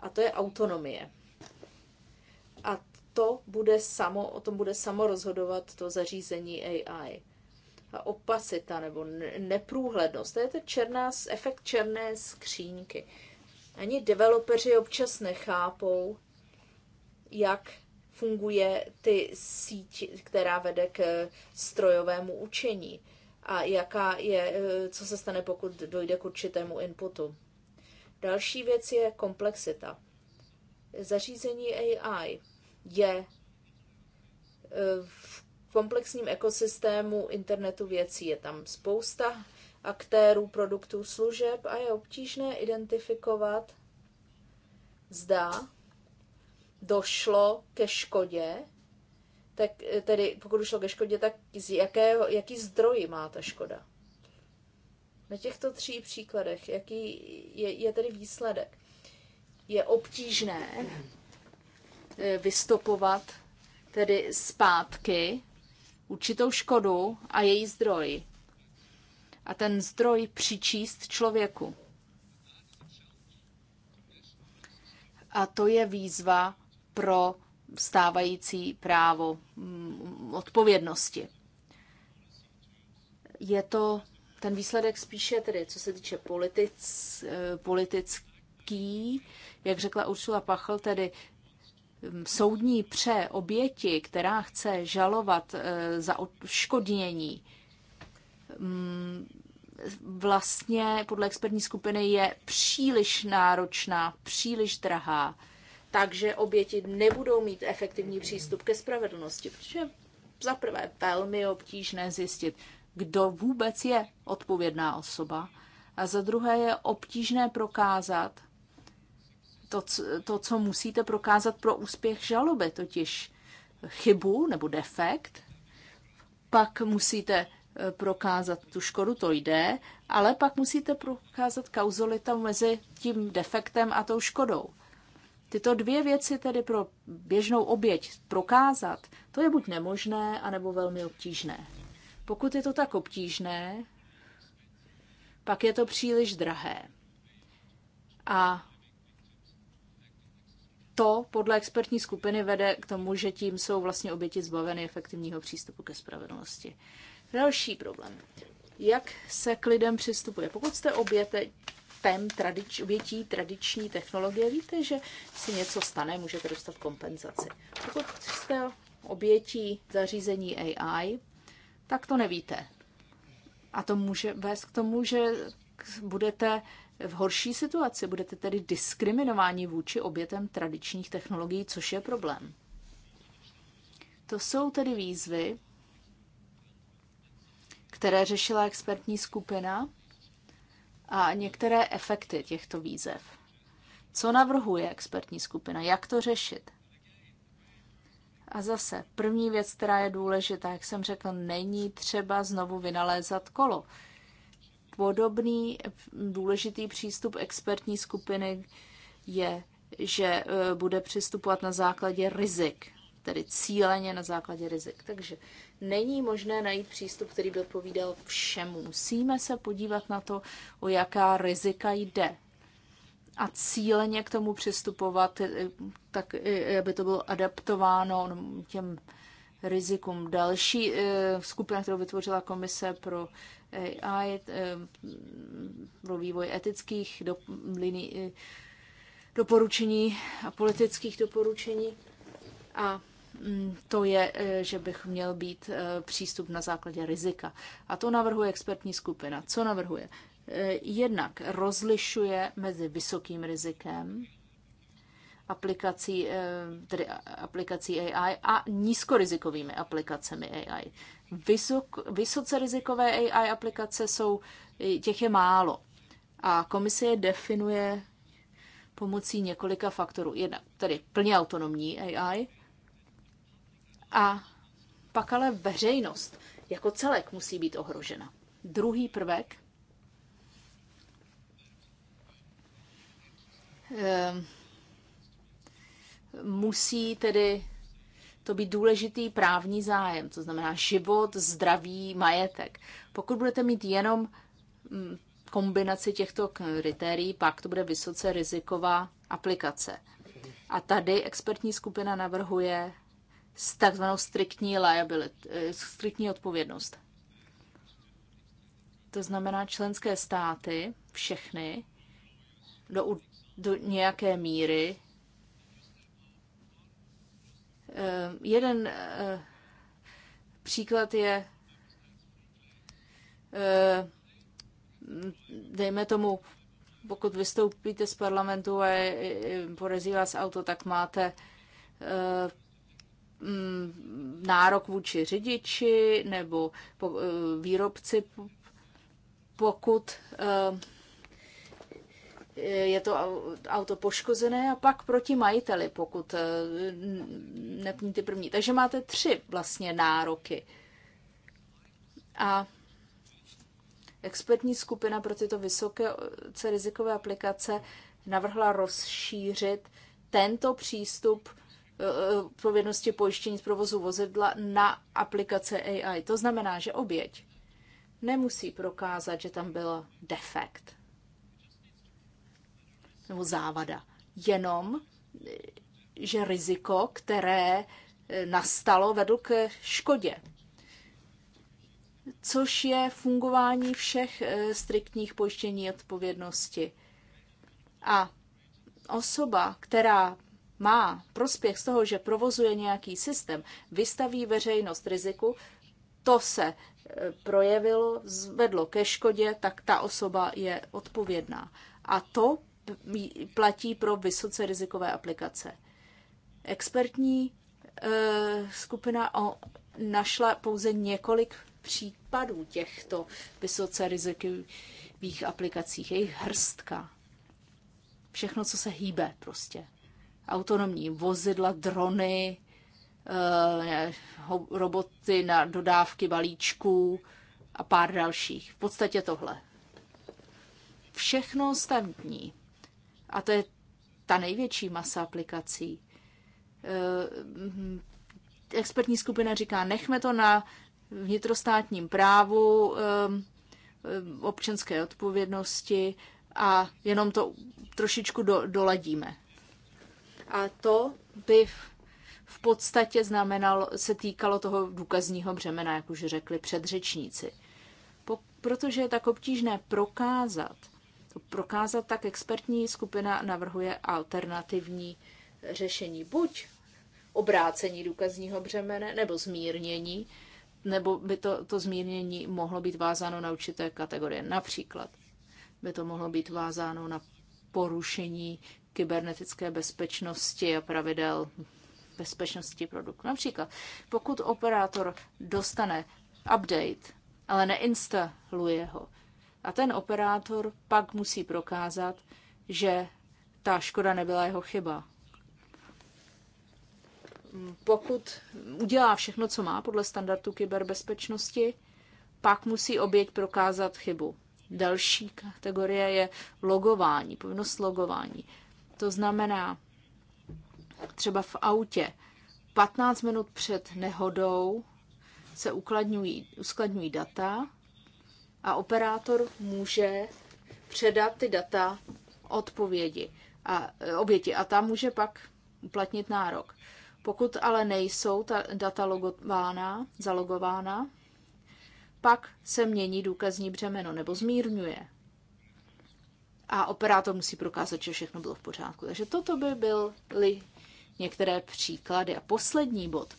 A to je autonomie. A to bude samo, o tom bude samo rozhodovat to zařízení AI. A opacita nebo neprůhlednost, to je ten černá, efekt černé skřínky. Ani developeři občas nechápou, jak funguje ty síť, která vede k strojovému učení a jaká je, eh, co se stane, pokud dojde k určitému inputu. Další věc je komplexita. Zařízení AI je eh, v komplexním ekosystému internetu věcí. Je tam spousta aktérů, produktů, služeb a je obtížné identifikovat, zda došlo ke škodě tak eh, tedy pokud došlo ke škodě, tak z jakého, jaký zdroj má ta škoda? Na těchto tří příkladech, jaký je, je tedy výsledek? Je obtížné eh, vystopovat tedy zpátky určitou škodu a její zdroj. A ten zdroj přičíst člověku. A to je výzva pro stávající právo mm, odpovědnosti. Je to ten výsledek spíše tedy, co se týče politic, eh, politický, jak řekla Ursula Pachl, tedy mm, soudní pře oběti, která chce žalovat eh, za odškodnění, mm, vlastně podle expertní skupiny je příliš náročná, příliš drahá takže oběti nebudou mít efektivní přístup ke spravedlnosti, protože za prvé velmi obtížné zjistit, kdo vůbec je odpovědná osoba, a za druhé je obtížné prokázat to, to co musíte prokázat pro úspěch žaloby, totiž chybu nebo defekt, pak musíte eh, prokázat tu škodu, to jde, ale pak musíte prokázat kauzolitu mezi tím defektem a tou škodou. Tyto dvě věci tedy pro běžnou oběť prokázat, to je buď nemožné, anebo velmi obtížné. Pokud je to tak obtížné, pak je to příliš drahé. A to podle expertní skupiny vede k tomu, že tím jsou vlastně oběti zbaveny efektivního přístupu ke spravedlnosti. Další problém. Jak se k lidem přistupuje? Pokud jste oběte, obětem tradič, obětí tradiční technologie, víte, že si něco stane, můžete dostat kompenzaci. Pokud jste obětí zařízení AI, tak to nevíte. A to může vést k tomu, že budete v horší situaci, budete tedy diskriminováni vůči obětem tradičních technologií, což je problém. To jsou tedy výzvy, které řešila expertní skupina a některé efekty těchto výzev. Co navrhuje expertní skupina? Jak to řešit? A zase, první věc, která je důležitá, jak jsem řekl, není třeba znovu vynalézat kolo. Podobný důležitý přístup expertní skupiny je, že e, bude přistupovat na základě rizik, tedy cíleně na základě rizik. Takže není možné najít přístup, který by odpovídal všemu. Musíme se podívat na to, o jaká rizika jde. A cíleně k tomu přistupovat, eh, tak eh, aby to bylo adaptováno no, těm rizikům. Další eh, skupina, kterou vytvořila komise pro AI, pro vývoj etických do, liní, doporučení a politických doporučení. A Mm, to je, eh, že bych měl být eh, přístup na základě rizika. A to navrhuje expertní skupina. Co navrhuje? Eh, jednak rozlišuje mezi vysokým rizikem, aplikací, tedy aplikací AI a nízkorizikovými aplikacemi AI. Vysok, vysoce rizikové AI aplikace jsou, těch je málo. A komise je definuje pomocí několika faktorů. Jednak tedy plně autonomní AI, a pak ale veřejnost jako celek musí být ohrožena. Druhý prvek ehm, musí tedy to být důležitý právní zájem, to znamená život, zdraví, majetek. Pokud budete mít jenom mm, kombinaci těchto kritérií, pak to bude vysoce riziková aplikace. A tady expertní skupina navrhuje s takzvanou striktní liability, eh, striktní odpovědnost. To znamená, členské státy, všechny, do, do nějaké míry. Eh, jeden eh, příklad je, dejme tomu, pokud vystoupíte z parlamentu a podezí vás auto, tak máte Mm, nárok vůči řidiči nebo eh, výrobci, pokud eh, je to auto poškozené a pak proti majiteli, pokud eh, ty první. Takže máte tři vlastně nároky. A expertní skupina pro tyto vysoké rizikové aplikace navrhla rozšířit tento přístup odpovědnosti eh, pojištění z provozu vozidla na aplikace AI. To znamená, že oběť nemusí prokázat, že tam byl defekt nebo závada, jenom eh, že riziko, které eh, nastalo, vedlo k škodě. Což je fungování všech striktních pojištění odpovědnosti. A osoba, která má prospěch z toho, že provozuje nějaký systém, vystaví veřejnost riziku, to se e, projevilo, zvedlo ke škodě, tak ta osoba je odpovědná. A to platí pro vysoce rizikové aplikace. Expertní e, skupina o, našla pouze několik případů těchto vysoce rizikových aplikacích. Jejich hrstka. Všechno, co se hýbe prostě autonomní vozidla, drony, eh, roboty na dodávky balíčků a pár dalších. V podstatě tohle. Všechno ostatní, A to je ta největší masa aplikací. Eh, expertní skupina říká, nechme to na vnitrostátním právu, eh, občanské odpovědnosti a jenom to trošičku do, doladíme. A to by v podstatě znamenalo, se týkalo toho důkazního břemena, jak už řekli předřečníci. Po, protože je tak obtížné prokázat, to prokázat tak expertní skupina navrhuje alternativní řešení. Buď obrácení důkazního břemene, nebo zmírnění, nebo by to, to zmírnění mohlo být vázáno na určité kategorie. Například by to mohlo být vázáno na porušení kybernetické bezpečnosti a pravidel bezpečnosti produktu. Například, pokud operátor dostane update, ale neinstaluje ho, a ten operátor pak musí prokázat, že ta škoda nebyla jeho chyba. Pokud udělá všechno, co má podle standardu kyberbezpečnosti, pak musí oběť prokázat chybu. Další kategorie je logování, povinnost logování. To znamená, třeba v autě 15 minut před nehodou se ukladňují, uskladňují data a operátor může předat ty data odpovědi a oběti a tam může pak uplatnit nárok. Pokud ale nejsou ta data logována, zalogována, pak se mění důkazní břemeno nebo zmírňuje a operátor musí prokázat, že všechno bylo v pořádku. Takže toto by byly některé příklady. A poslední bod.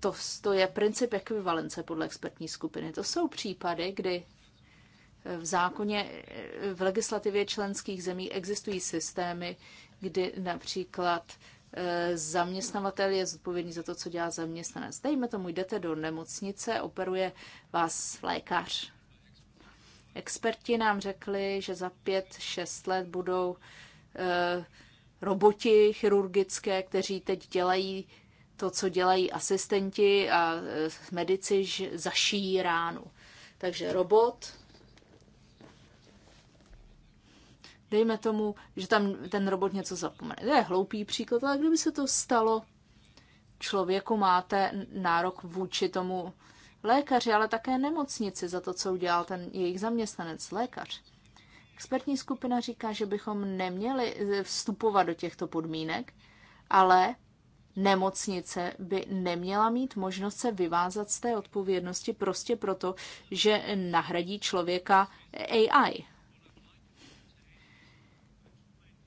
To, to je princip ekvivalence podle expertní skupiny. To jsou případy, kdy v zákoně, v legislativě členských zemí existují systémy, kdy například e, zaměstnavatel je zodpovědný za to, co dělá zaměstnanec. Dejme tomu, jdete do nemocnice, operuje vás lékař. Experti nám řekli, že za pět, šest let budou eh, roboti chirurgické, kteří teď dělají to, co dělají asistenti a eh, medici, že zašíjí ránu. Takže robot, dejme tomu, že tam ten robot něco zapomene. To je hloupý příklad, ale kdyby se to stalo člověku máte nárok vůči tomu lékaři, ale také nemocnici za to, co udělal ten jejich zaměstnanec, lékař. Expertní skupina říká, že bychom neměli vstupovat do těchto podmínek, ale nemocnice by neměla mít možnost se vyvázat z té odpovědnosti prostě proto, že nahradí člověka AI.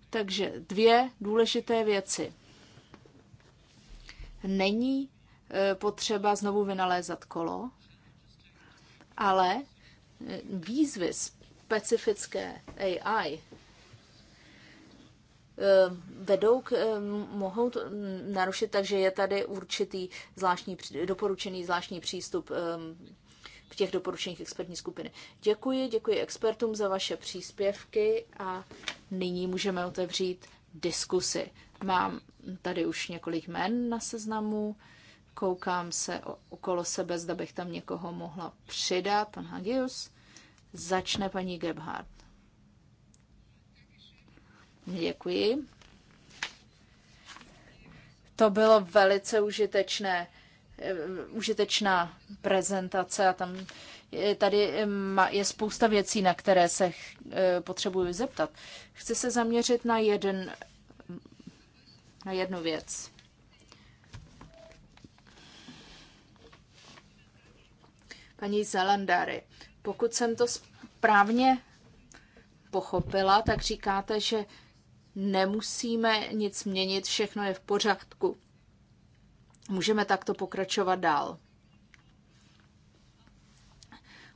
Takže dvě důležité věci. Není Eh, potřeba znovu vynalézat kolo, ale eh, výzvy specifické AI eh, vedou k, mohou to narušit, takže je tady určitý zvláštní, doporučený zvláštní přístup v těch doporučených expertní skupiny. Děkuji, děkuji expertům za vaše příspěvky a nyní můžeme otevřít diskusy. Mám tady už několik jmen na seznamu. Koukám se okolo sebe, zda bych tam někoho mohla přidat. Pan Hagius. Začne paní Gebhardt. Děkuji. To bylo velice užitečné, eh, užitečná prezentace a tam tady eh, je spousta věcí, na které se eh, potřebuji zeptat. Chci se zaměřit na jeden na jednu věc. paní Zelandary. Pokud jsem to správně pochopila, tak říkáte, že nemusíme nic měnit, všechno je v pořádku. Můžeme takto pokračovat dál.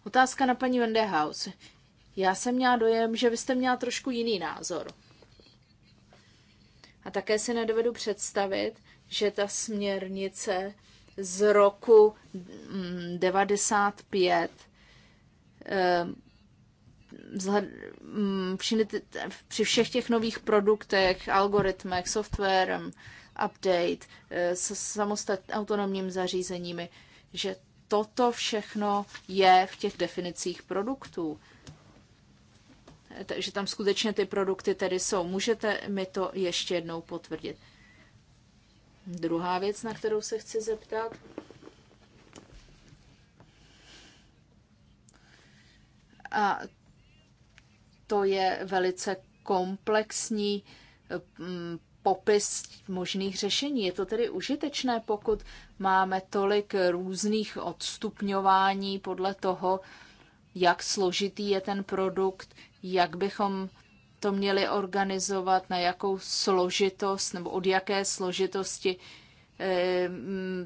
Otázka na paní Wendehaus. Já jsem měla dojem, že byste měla trošku jiný názor. A také si nedovedu představit, že ta směrnice z roku 95 mm, ehm, mm, při všech těch nových produktech, algoritmech, softwarem, update, eh, s samostatným autonomním zařízeními, že toto všechno je v těch definicích produktů. Takže tam skutečně ty produkty tedy jsou. Můžete mi to ještě jednou potvrdit? Druhá věc, na kterou se chci zeptat, a to je velice komplexní mm, popis možných řešení. Je to tedy užitečné, pokud máme tolik různých odstupňování podle toho, jak složitý je ten produkt, jak bychom to měli organizovat, na jakou složitost nebo od jaké složitosti eh,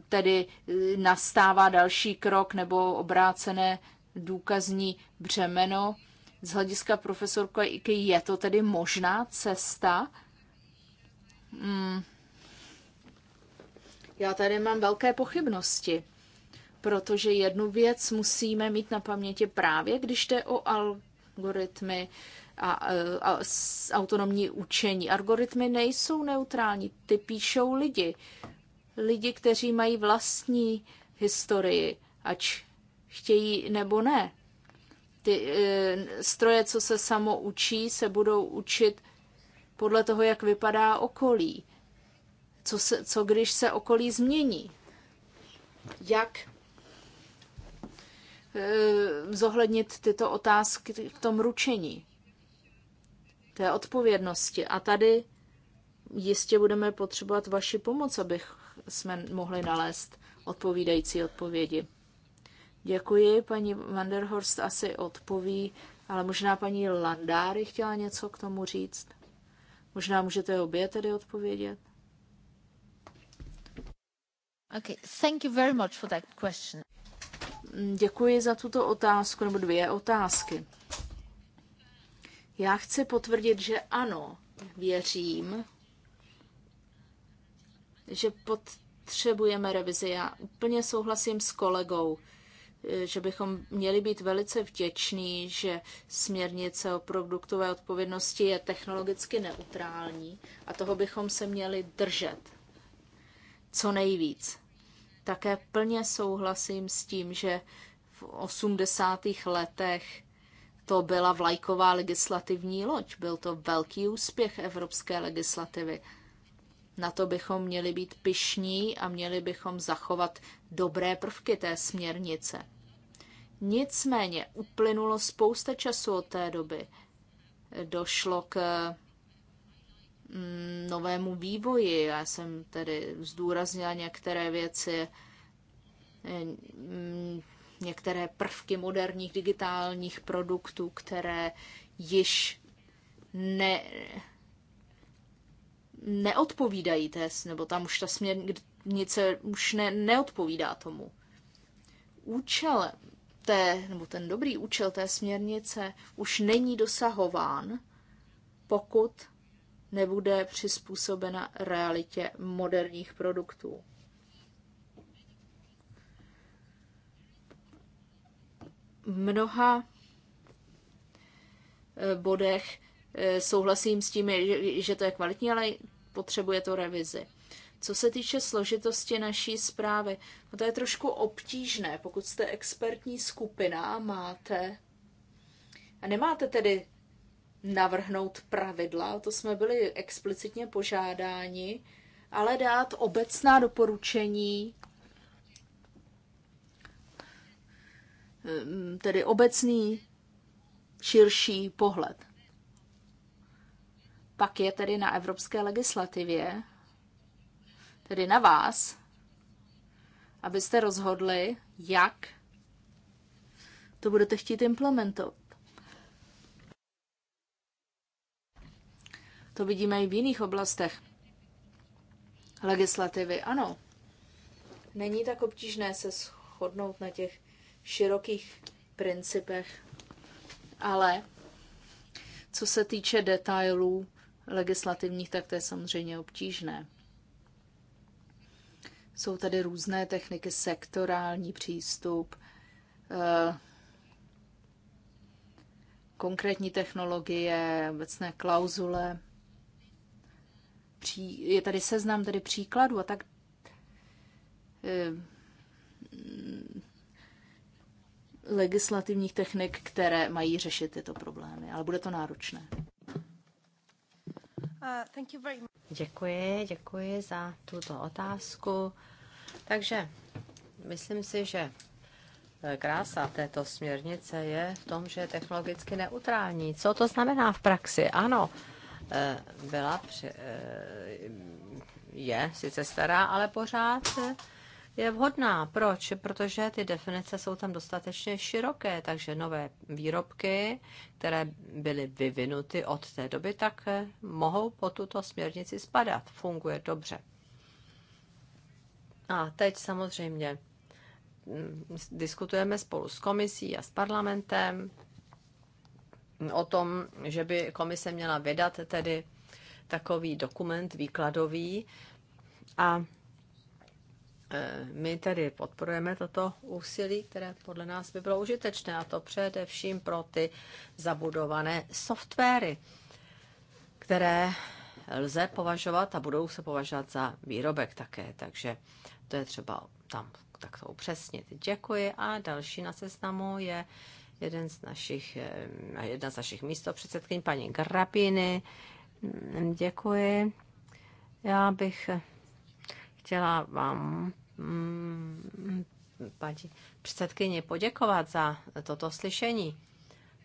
tedy eh, nastává další krok nebo obrácené důkazní břemeno. Z hlediska profesorka Iky je to tedy možná cesta? Hmm. Já tady mám velké pochybnosti, protože jednu věc musíme mít na paměti právě, když jde o algoritmy, a, a, autonomní učení. Algoritmy nejsou neutrální, ty píšou lidi. Lidi, kteří mají vlastní historii, ať chtějí nebo ne. Ty e, stroje, co se samo učí, se budou učit podle toho, jak vypadá okolí. Co, se, co když se okolí změní? Jak e, zohlednit tyto otázky v tom ručení? té odpovědnosti. A tady jistě budeme potřebovat vaši pomoc, abych jsme mohli nalézt odpovídající odpovědi. Děkuji, paní Vanderhorst asi odpoví, ale možná paní Landáry chtěla něco k tomu říct. Možná můžete obě tedy odpovědět. Okay, thank you very much for that question. Děkuji za tuto otázku, nebo dvě otázky. Já chci potvrdit, že ano, věřím, že potřebujeme revizi. Já úplně souhlasím s kolegou, že bychom měli být velice vděční, že směrnice o produktové odpovědnosti je technologicky neutrální a toho bychom se měli držet co nejvíc. Také plně souhlasím s tím, že v 80. letech to byla vlajková legislativní loď. Byl to velký úspěch evropské legislativy. Na to bychom měli být pišní a měli bychom zachovat dobré prvky té směrnice. Nicméně uplynulo spousta času od té doby. Došlo k mm, novému vývoji. Já jsem tedy zdůraznila některé věci. Mm, některé prvky moderních digitálních produktů, které již ne, neodpovídají té, nebo tam už ta směrnice už ne, neodpovídá tomu. Účel té, nebo ten dobrý účel té směrnice už není dosahován, pokud nebude přizpůsobena realitě moderních produktů. mnoha eh, bodech eh, souhlasím s tím, že to je kvalitní, ale potřebuje to revizi. Co se týče složitosti naší zprávy, no to je trošku obtížné, pokud jste expertní skupina a máte a nemáte tedy navrhnout pravidla, to jsme byli explicitně požádáni, ale dát obecná doporučení Ehm, tedy obecný širší pohled. Pak je tedy na evropské legislativě, tedy na vás, abyste rozhodli, jak to budete chtít implementovat. To vidíme i v jiných oblastech legislativy. Ano, není tak obtížné se shodnout na těch širokých principech, ale co se týče detailů legislativních, tak to je samozřejmě obtížné. Jsou tady různé techniky, sektorální přístup, eh, konkrétní technologie, obecné klauzule. je tady seznam tedy příkladů a tak eh, legislativních technik, které mají řešit tyto problémy, ale bude to náročné. Uh, děkuji, děkuji za tuto otázku. Takže myslím si, že eh, krása této směrnice je v tom, že je technologicky neutrální. Co to znamená v praxi? Ano, eh, byla, eh, je sice stará, ale pořád je vhodná. Proč? Protože ty definice jsou tam dostatečně široké, takže nové výrobky, které byly vyvinuty od té doby, tak eh, mohou po tuto směrnici spadat. Funguje dobře. A teď samozřejmě mm, diskutujeme spolu s komisí a s parlamentem o tom, že by komise měla vydat tedy takový dokument výkladový a E, my tedy podporujeme toto úsilí, které podle nás by bylo užitečné, a to především pro ty zabudované softwary, které lze považovat a budou se považovat za výrobek také, takže to je třeba tam takto upřesnit. Děkuji a další na seznamu je jeden z našich, e, jedna z našich místopředsedkyň, paní Grapiny. Děkuji. Já bych chtěla vám Mm, paní předsedkyni poděkovat za toto slyšení.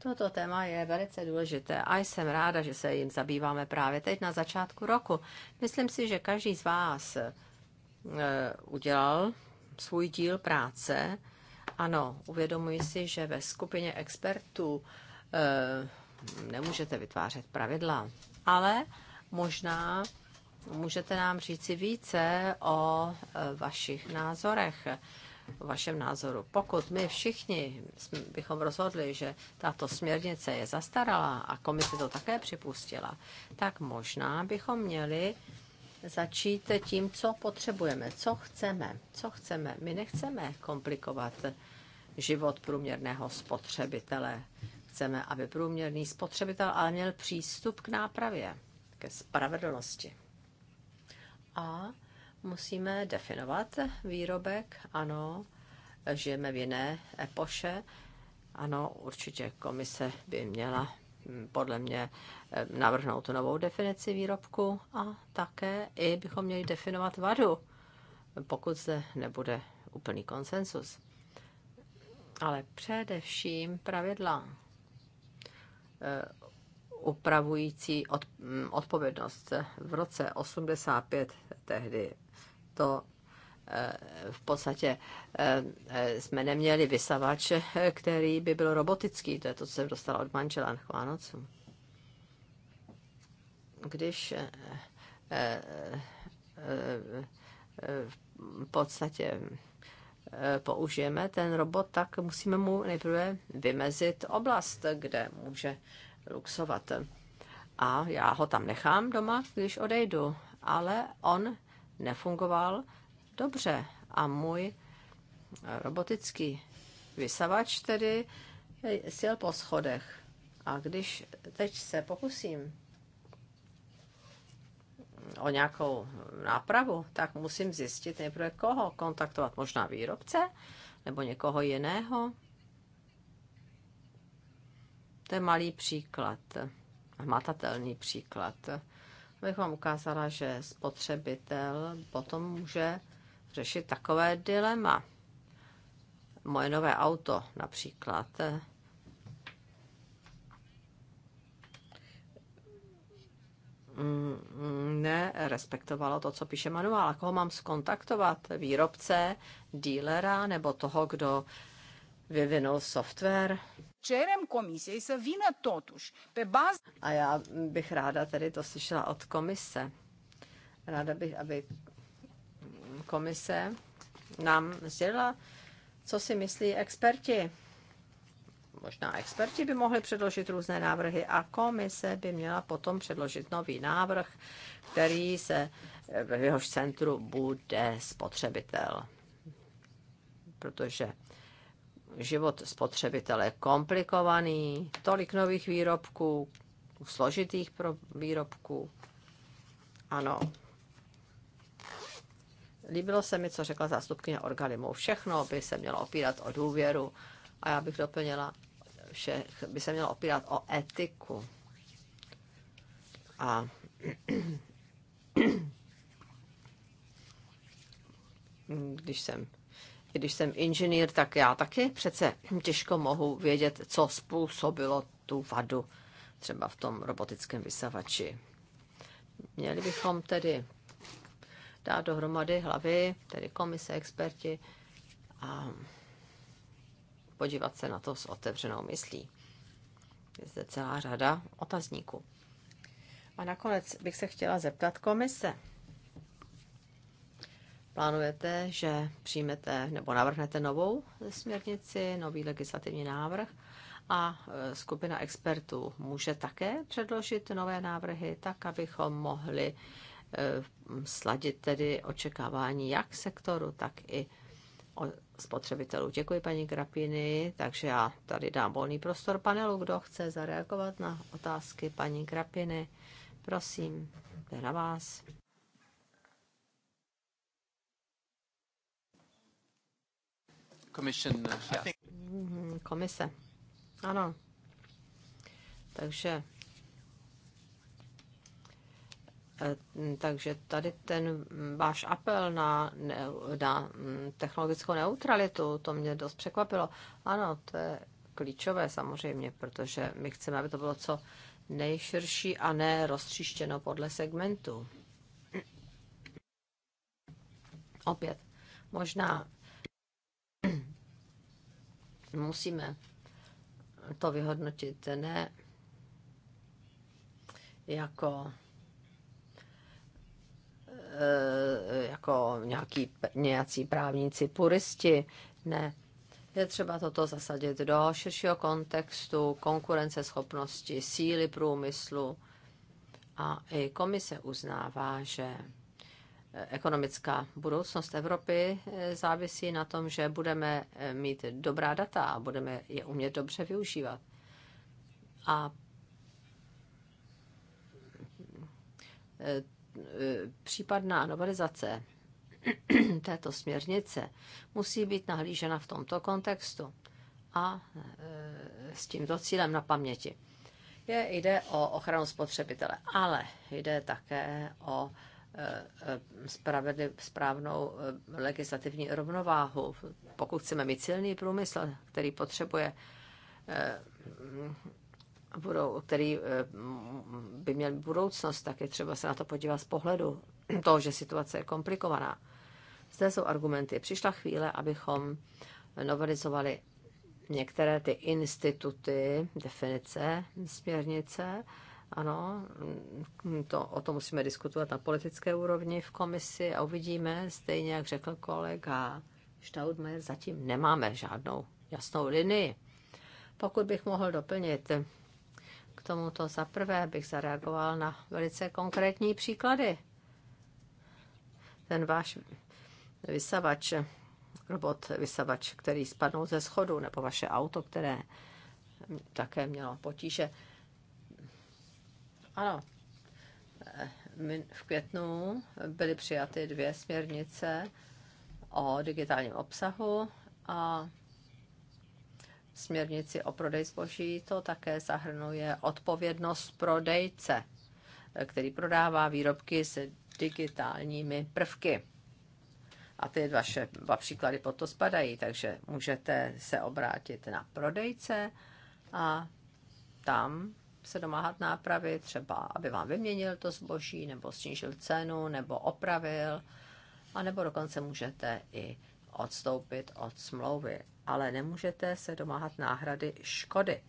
Toto téma je velice důležité a jsem ráda, že se jim zabýváme právě teď na začátku roku. Myslím si, že každý z vás eh, udělal svůj díl práce. Ano, uvědomuji si, že ve skupině expertů eh, nemůžete vytvářet pravidla, ale možná Můžete nám říci více o e, vašich názorech, o vašem názoru. Pokud my všichni bychom rozhodli, že tato směrnice je zastaralá a komise to také připustila, tak možná bychom měli začít tím, co potřebujeme, co chceme, co chceme. My nechceme komplikovat život průměrného spotřebitele. Chceme, aby průměrný spotřebitel ale měl přístup k nápravě, ke spravedlnosti. A musíme definovat výrobek, ano, žijeme v jiné epoše, ano, určitě komise by měla hm, podle mě eh, navrhnout tu novou definici výrobku a také i bychom měli definovat vadu, pokud zde nebude úplný konsensus. Ale především pravidla eh, upravující od, mm, odpovědnost. V roce 85 tehdy to eh, v podstatě eh, eh, jsme neměli vysavač, který by byl robotický. To je to, co jsem dostala od manžela k Vánocům. Když v podstatě použijeme ten robot, tak musíme mu nejprve vymezit oblast, kde může luxovat. A já ho tam nechám doma, když odejdu, ale on nefungoval dobře a můj robotický vysavač tedy sjel po schodech. A když teď se pokusím o nějakou nápravu, tak musím zjistit nejprve koho kontaktovat, možná výrobce nebo někoho jiného, to je malý příklad, hmatatelný příklad. Abych vám ukázala, že spotřebitel potom může řešit takové dilema. Moje nové auto například. Mm, ne respektovalo to, co píše manuál. A koho mám skontaktovat? Výrobce, dílera nebo toho, kdo vyvinul software? cerem komisiei să vină totuși pe bază... A já bych ráda tady to slyšela od komise. Ráda bych, aby komise nám sdělila, co si myslí experti. Možná experti by mohli předložit různé návrhy a komise by měla potom předložit nový návrh, který se v jehož centru bude spotřebitel. Protože život spotřebitele komplikovaný, tolik nových výrobků, složitých pro výrobků. Ano. Líbilo se mi, co řekla zástupkyně Organimu. Všechno by se mělo opírat o důvěru a já bych doplnila, že by se mělo opírat o etiku. A když jsem když jsem inženýr, tak já taky přece těžko mohu vědět, co způsobilo tu vadu třeba v tom robotickém vysavači. Měli bychom tedy dát dohromady hlavy, tedy komise, experti a podívat se na to s otevřenou myslí. Je zde celá řada otazníků. A nakonec bych se chtěla zeptat komise plánujete, že přijmete nebo navrhnete novou směrnici, nový legislativní návrh a e, skupina expertů může také předložit nové návrhy, tak abychom mohli e, sladit tedy očekávání jak sektoru, tak i spotřebitelů. Děkuji paní Krapiny, takže já tady dám volný prostor panelu, kdo chce zareagovat na otázky paní Krapiny. Prosím, jde na vás. Commission, uh, mhm, Komise. Ano. Takže eh, takže tady ten váš apel na, na technologickou neutralitu, to mě dost překvapilo. Ano, to je klíčové samozřejmě, protože my chceme, aby to bylo co nejširší a ne roztříštěno podle segmentu. Opět, možná Musíme to vyhodnotit ne jako eh, jako nějaký, nějací právníci puristi. Ne. Je třeba toto zasadit do širšího kontextu konkurenceschopnosti, síly průmyslu. A i komise uznává, že ekonomická budoucnost Evropy eh, závisí na tom, že budeme eh, mít dobrá data a budeme je umět dobře využívat. A eh, případná novelizace této směrnice musí být nahlížena v tomto kontextu a s tímto cílem na paměti. Je, jde o ochranu spotřebitele, ale jde také o Eh, správnou eh, legislativní rovnováhu. Pokud chceme mít silný průmysl, který potřebuje, eh, který by měl budoucnost, tak je třeba se na to podívat z pohledu toho, že situace je komplikovaná. Zde jsou argumenty. Přišla chvíle, abychom novelizovali některé ty instituty, definice, směrnice, ano, to, o tom musíme diskutovat na politické úrovni v komisi a uvidíme, stejně jak řekl kolega Staudmer, zatím nemáme žádnou jasnou linii. Pokud bych mohl doplnit k tomuto zaprvé, bych zareagoval na velice konkrétní příklady. Ten váš vysavač, robot vysavač, který spadnul ze schodu, nebo vaše auto, které také mělo potíže. Ano, eh, v květnu byly přijaty dvě směrnice o digitálním obsahu a směrnici o prodej zboží to také zahrnuje odpovědnost prodejce, který prodává výrobky s digitálními prvky. A ty vaše dva příklady pod to spadají, takže můžete se obrátit na prodejce a tam se domáhat nápravy, třeba aby vám vyměnil to zboží, nebo snížil cenu, nebo opravil, a nebo dokonce můžete i odstoupit od smlouvy, ale nemůžete se domáhat náhrady škody.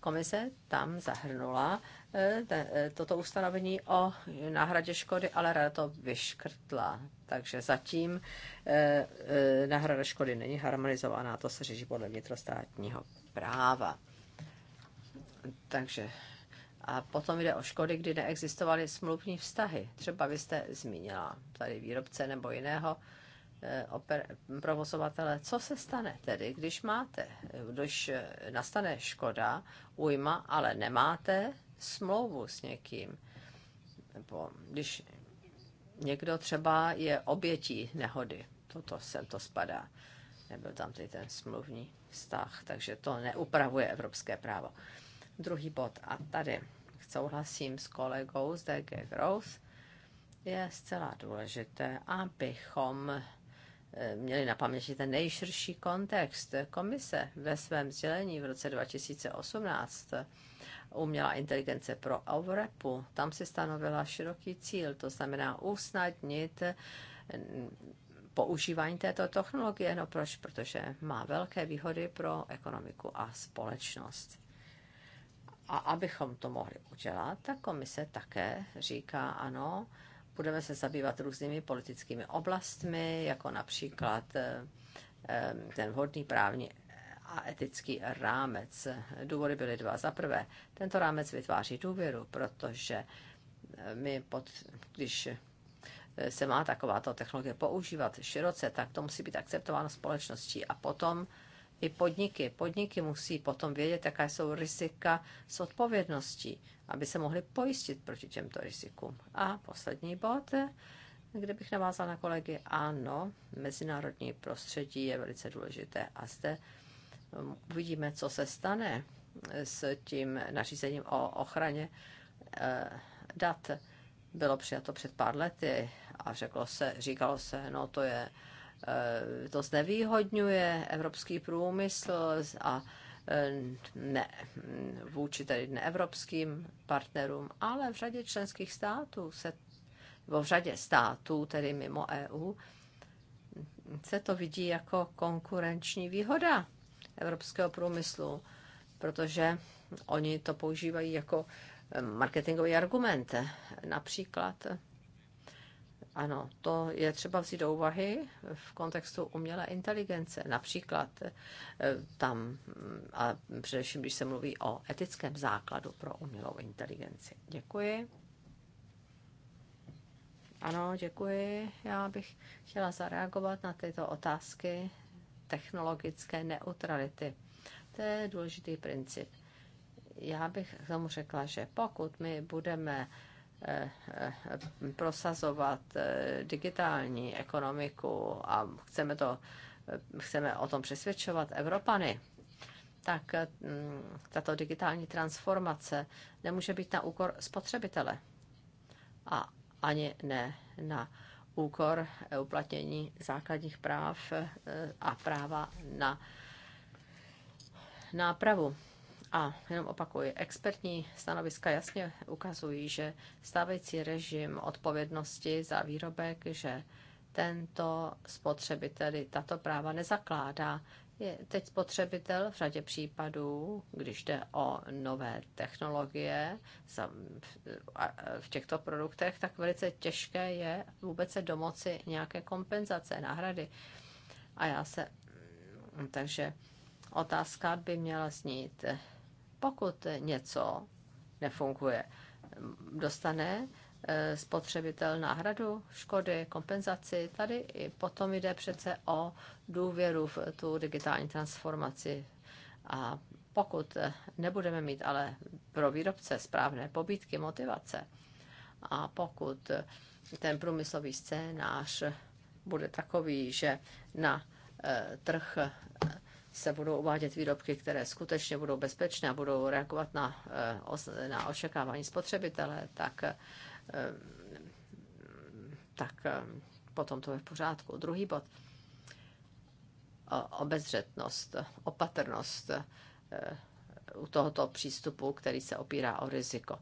Komise tam zahrnula eh, eh, toto ustanovení o náhradě škody, ale rada to vyškrtla. Takže zatím eh, náhrada škody není harmonizovaná, to se řeší podle vnitrostátního práva takže a potom jde o škody, kdy neexistovaly smluvní vztahy. Třeba vy jste zmínila tady výrobce nebo jiného eh, oper, provozovatele. Co se stane tedy, když máte, když eh, nastane škoda, ujma, ale nemáte smlouvu s někým? Nebo když někdo třeba je obětí nehody, toto sem to spadá. Nebyl tam tady ten smluvní vztah, takže to neupravuje evropské právo druhý bod. A tady souhlasím s kolegou z DG Growth, je zcela důležité, abychom eh, měli na paměti ten nejširší kontext. Komise ve svém sdělení v roce 2018 uměla inteligence pro Evropu. Tam si stanovila široký cíl, to znamená usnadnit mm, používání této technologie. No proč? Protože má velké výhody pro ekonomiku a společnost. A abychom to mohli udělat, ta komise také říká ano, budeme se zabývat různými politickými oblastmi, jako například eh, eh, ten vhodný právní a etický rámec. Důvody byly dva. Za prvé, tento rámec vytváří důvěru, protože eh, my, pod, když se má takováto technologie používat široce, tak to musí být akceptováno společností. A potom i podniky. Podniky musí potom vědět, jaká jsou rizika s odpovědností, aby se mohly pojistit proti těmto rizikům. A poslední bod, kde bych navázal na kolegy, ano, mezinárodní prostředí je velice důležité a zde um, uvidíme, co se stane s tím nařízením o ochraně eh, dat. Bylo přijato před pár lety a řeklo se, říkalo se, no to je Eh, to znevýhodňuje evropský průmysl a eh, ne vůči tedy neevropským partnerům, ale v řadě členských států se, nebo v řadě států, tedy mimo EU, se to vidí jako konkurenční výhoda evropského průmyslu, protože oni to používají jako eh, marketingový argument. Například ano, to je třeba vzít do úvahy v kontextu umělé inteligence. Například eh, tam, mm, a především když se mluví o etickém základu pro umělou inteligenci. Děkuji. Ano, děkuji. Já bych chtěla zareagovat na tyto otázky technologické neutrality. To je důležitý princip. Já bych k tomu řekla, že pokud my budeme Eh, eh, prosazovat eh, digitální ekonomiku a chceme, to, chceme o tom přesvědčovat Evropany, tak mm, tato digitální transformace nemůže být na úkor spotřebitele a ani ne na úkor uplatnění základních práv a práva na nápravu. A jenom opakuji, expertní stanoviska jasně ukazují, že stávající režim odpovědnosti za výrobek, že tento spotřebitel, tato práva nezakládá. Je teď spotřebitel v řadě případů, když jde o nové technologie v těchto produktech, tak velice těžké je vůbec se domoci nějaké kompenzace, náhrady. A já se. Takže otázka by měla znít, pokud něco nefunguje, dostane eh, spotřebitel náhradu škody, kompenzaci. Tady i potom jde přece o důvěru v tu digitální transformaci. A pokud eh, nebudeme mít ale pro výrobce správné pobídky, motivace, a pokud eh, ten průmyslový scénář bude takový, že na trh se budou uvádět výrobky, které skutečně budou bezpečné a budou reagovat na, eh, na očekávání spotřebitele, tak, eh, tak eh, potom to je v pořádku. Druhý bod. Obezřetnost, opatrnost u tohoto přístupu, který se opírá o riziko.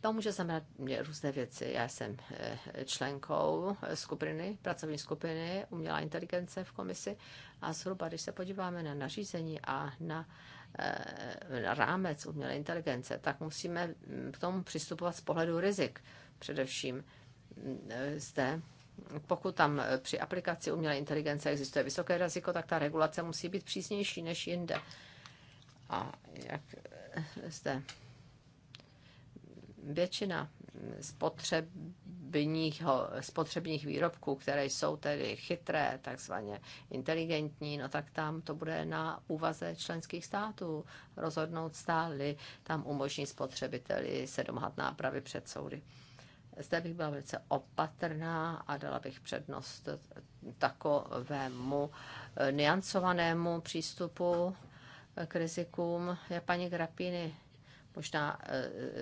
To může znamenat různé věci. Já jsem eh, členkou skupiny, pracovní skupiny umělá inteligence v komisi a zhruba, když se podíváme na nařízení a na eh, rámec umělé inteligence, tak musíme mm, k tomu přistupovat z pohledu rizik. Především mm, zde, pokud tam při aplikaci umělé inteligence existuje vysoké riziko, tak ta regulace musí být přísnější než jinde. A jak eh, zde Většina spotřebních, spotřebních výrobků, které jsou tedy chytré, takzvaně inteligentní, no tak tam to bude na úvaze členských států rozhodnout stáli, tam umožní spotřebiteli se domáhat nápravy před soudy. Zde bych byla velice opatrná a dala bych přednost takovému eh, niancovanému přístupu eh, k rizikům. paní Grapiny Možná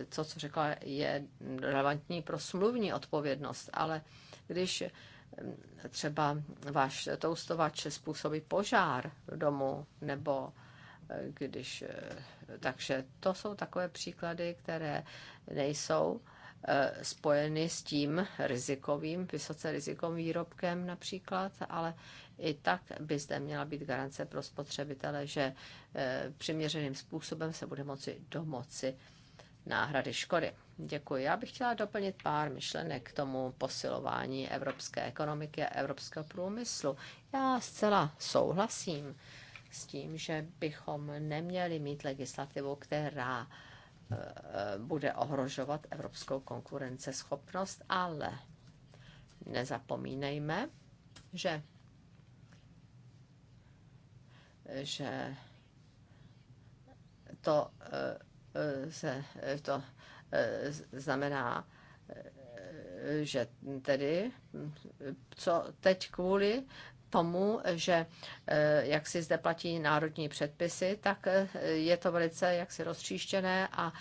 to, eh, co řekla, je relevantní pro smluvní odpovědnost, ale když eh, třeba váš toustovač způsobí požár v domu, nebo eh, když... Takže to jsou takové příklady, které nejsou spojeny s tím rizikovým, vysoce rizikovým výrobkem například, ale i tak by zde měla být garance pro spotřebitele, že e, přiměřeným způsobem se bude moci domoci náhrady škody. Děkuji. Já bych chtěla doplnit pár myšlenek k tomu posilování evropské ekonomiky a evropského průmyslu. Já zcela souhlasím s tím, že bychom neměli mít legislativu, která e, e, bude ohrožovat evropskou konkurenceschopnost, ale nezapomínejme, že že to eh, se eh, to eh, znamená, že tedy, co teď kvůli tomu, že jak si zde platí národní předpisy, tak je to velice jaksi rozčíštěné a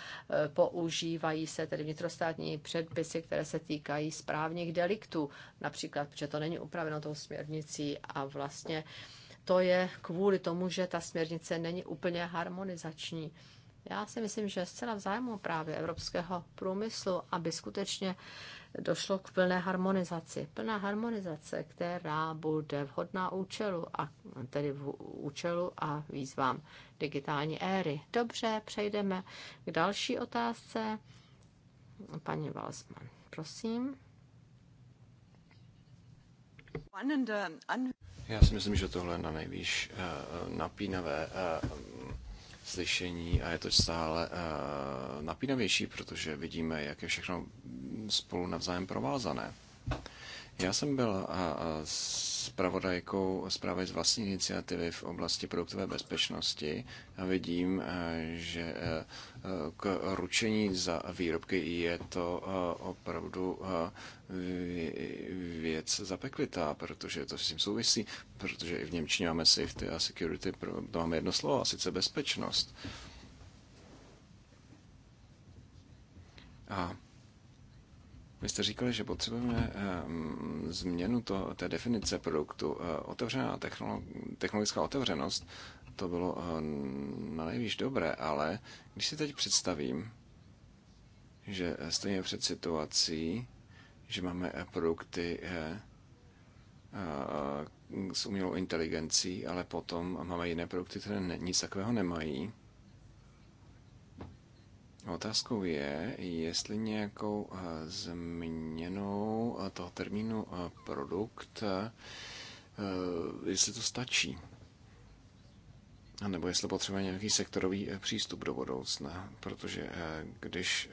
používají se tedy vnitrostátní předpisy, které se týkají správních deliktů, například, protože to není upraveno tou směrnicí a vlastně to je kvůli tomu, že ta směrnice není úplně harmonizační. Já si myslím, že zcela v zájmu právě evropského průmyslu, aby skutečně došlo k plné harmonizaci. Plná harmonizace, která bude vhodná účelu, a tedy v účelu a výzvám digitální éry. Dobře, přejdeme k další otázce. Paní Valsman, prosím. Já si myslím, že tohle je na nejvýš eh, napínavé eh, mm, slyšení a je to stále eh, napínavější, protože vidíme, jak je všechno spolu navzájem provázané. Já jsem byl zpravodajkou zprávy z vlastní iniciativy v oblasti produktové bezpečnosti a vidím, e, že e, k ručení za výrobky je to e, opravdu věc zapeklitá, protože to s tím souvisí, protože i v Němčině máme safety a security, to máme jedno slovo, a sice bezpečnost. A vy jste říkali, že potřebujeme ehm, změnu to, té definice produktu. Eh, otevřená technolo, technologická otevřenost, to bylo eh, na nejvíc dobré, ale když si teď představím, že eh, stojíme před situací, že máme produkty s umělou inteligencí, ale potom máme jiné produkty, které nic takového nemají Otázkou je, jestli nějakou eh, změnou eh, toho termínu eh, produkt, jestli to stačí. A nebo jestli potřebuje nějaký sektorový přístup do budoucna, protože když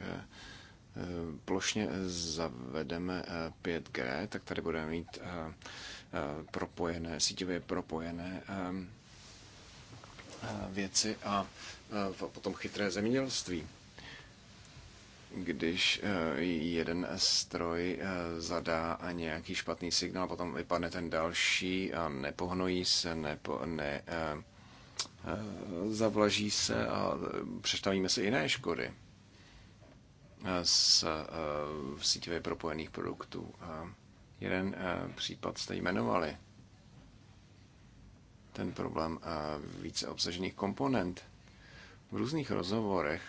plošně zavedeme 5G, tak tady budeme mít propojené, síťově propojené věci a potom chytré zemědělství když eh, jeden stroj eh, zadá nějaký špatný signál, potom vypadne ten další a nepohnojí se, nepo, ne, eh, zavlaží se a představíme si jiné škody z síťově propojených produktů. Jeden případ jste jmenovali. Ten problém více obsažených komponent. V různých rozhovorech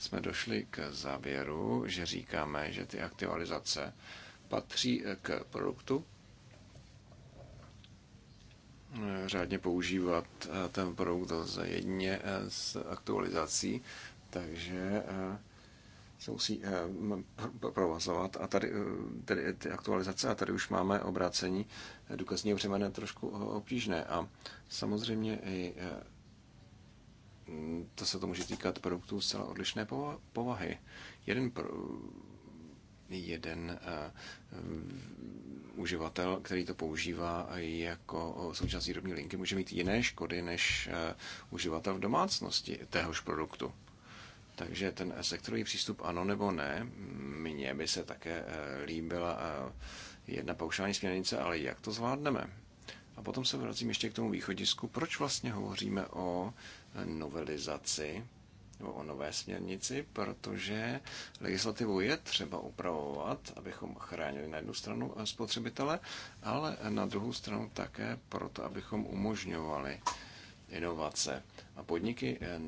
jsme došli k závěru, že říkáme, že ty aktualizace patří k produktu, řádně používat eh, ten produkt lze jedině eh, s aktualizací, takže eh, se musí provazovat a tady, tady ty aktualizace a tady už máme obrácení důkazního břemene trošku obtížné a samozřejmě i to se to může týkat produktů zcela odlišné povahy. Jeden, pro, jeden uh, uživatel, který to používá jako součást výrobní linky, může mít jiné škody než uh, uživatel v domácnosti téhož produktu. Takže ten sektorový přístup ano nebo ne, mně by se také uh, líbila uh, jedna paušální směrnice, ale jak to zvládneme? A potom se vracím ještě k tomu východisku, proč vlastně hovoříme o novelizaci nebo o nové směrnici, protože legislativu je třeba upravovat, abychom chránili na jednu stranu spotřebitele, ale na druhou stranu také proto, abychom umožňovali inovace. A podniky eh,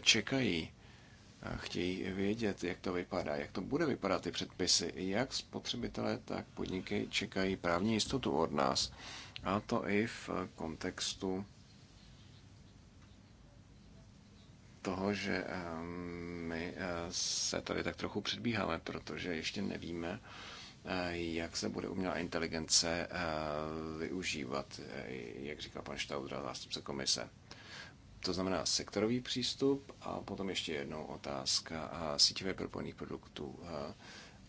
čekají, chtějí vědět, jak to vypadá, jak to bude vypadat ty předpisy. Jak spotřebitelé, tak podniky čekají právní jistotu od nás. A to i v kontextu toho, že ehm, my eh, se tady tak trochu předbíháme, protože ještě nevíme, eh, jak se bude umělá inteligence eh, využívat, jak říká pan Štaudra, zástupce komise. To znamená sektorový přístup a potom ještě jednou otázka síťové propojených produktů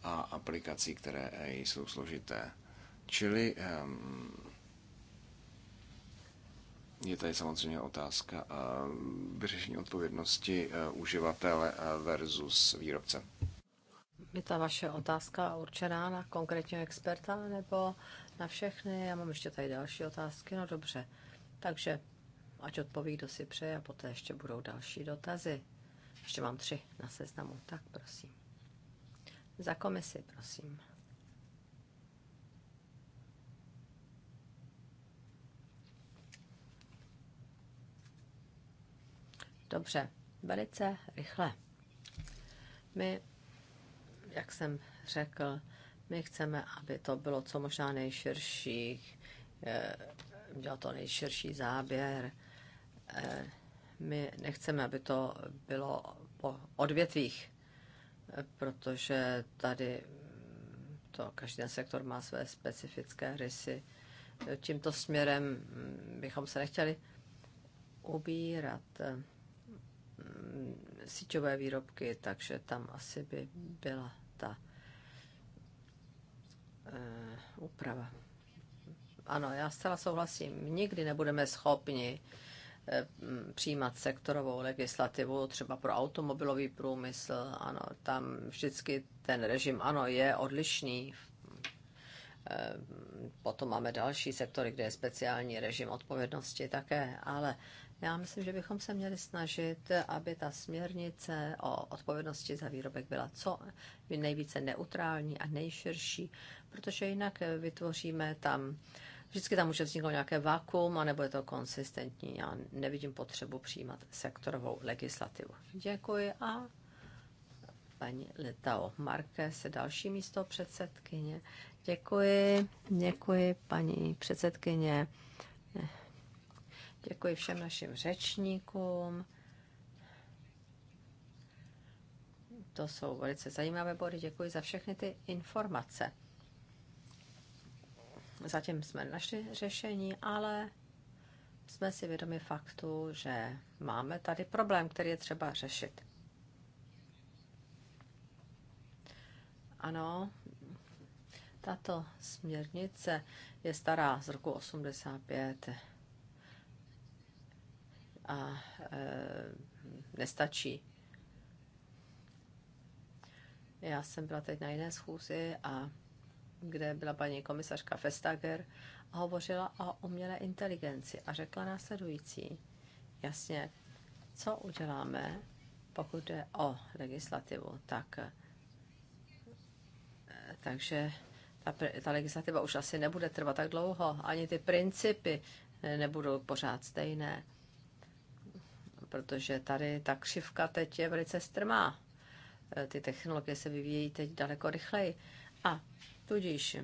a aplikací, které jsou složité. Čili ehm, je tady samozřejmě otázka eh, vyřešení odpovědnosti eh, uživatele eh, versus výrobce. Je ta vaše otázka určená na konkrétního experta nebo na všechny? Já mám ještě tady další otázky, no dobře. Takže ať odpoví, kdo si přeje a poté ještě budou další dotazy. Ještě mám tři na seznamu, tak prosím. Za komisi, prosím. Dobře, velice rychle. My, jak jsem řekl, my chceme, aby to bylo co možná nejširší, měl eh, to nejširší záběr. Eh, my nechceme, aby to bylo po odvětvích, eh, protože tady mm, to každý ten sektor má své specifické rysy. Tímto směrem mm, bychom se nechtěli ubírat síťové výrobky, takže tam asi by byla ta eh, úprava. Ano, já zcela souhlasím. Nikdy nebudeme schopni eh, přijímat sektorovou legislativu, třeba pro automobilový průmysl. Ano, tam vždycky ten režim, ano, je odlišný. Eh, potom máme další sektory, kde je speciální režim odpovědnosti také, ale já myslím, že bychom se měli snažit, aby ta směrnice o odpovědnosti za výrobek byla co nejvíce neutrální a nejširší, protože jinak vytvoříme tam, vždycky tam může vzniknout nějaké vakuum, anebo je to konsistentní. Já nevidím potřebu přijímat sektorovou legislativu. Děkuji a paní Letao se další místo předsedkyně. Děkuji, děkuji paní předsedkyně. Děkuji všem našim řečníkům. To jsou velice zajímavé body. Děkuji za všechny ty informace. Zatím jsme našli řešení, ale jsme si vědomi faktu, že máme tady problém, který je třeba řešit. Ano, tato směrnice je stará z roku 85 a e, nestačí. Já jsem byla teď na jiné schůzi, a kde byla paní komisařka Vestager a hovořila o umělé inteligenci a řekla následující. Jasně, co uděláme, pokud jde o legislativu, tak e, takže ta, ta legislativa už asi nebude trvat tak dlouho, ani ty principy nebudou pořád stejné protože tady ta křivka teď je velice strmá. Eh, ty technologie se vyvíjejí teď daleko rychleji. A tudíž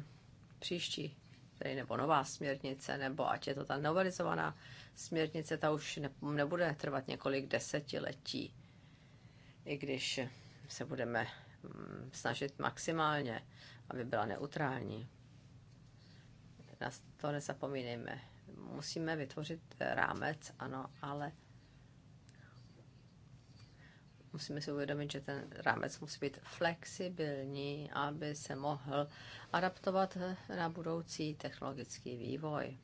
příští, tedy nebo nová směrnice, nebo ať je to ta novelizovaná směrnice, ta už nebude trvat několik desetiletí, i když se budeme mm, snažit maximálně, aby byla neutrální. Na to nezapomínejme. Musíme vytvořit eh, rámec, ano, ale musíme si uvědomit, že ten rámec musí být flexibilní, aby se mohl adaptovat na budoucí technologický vývoj.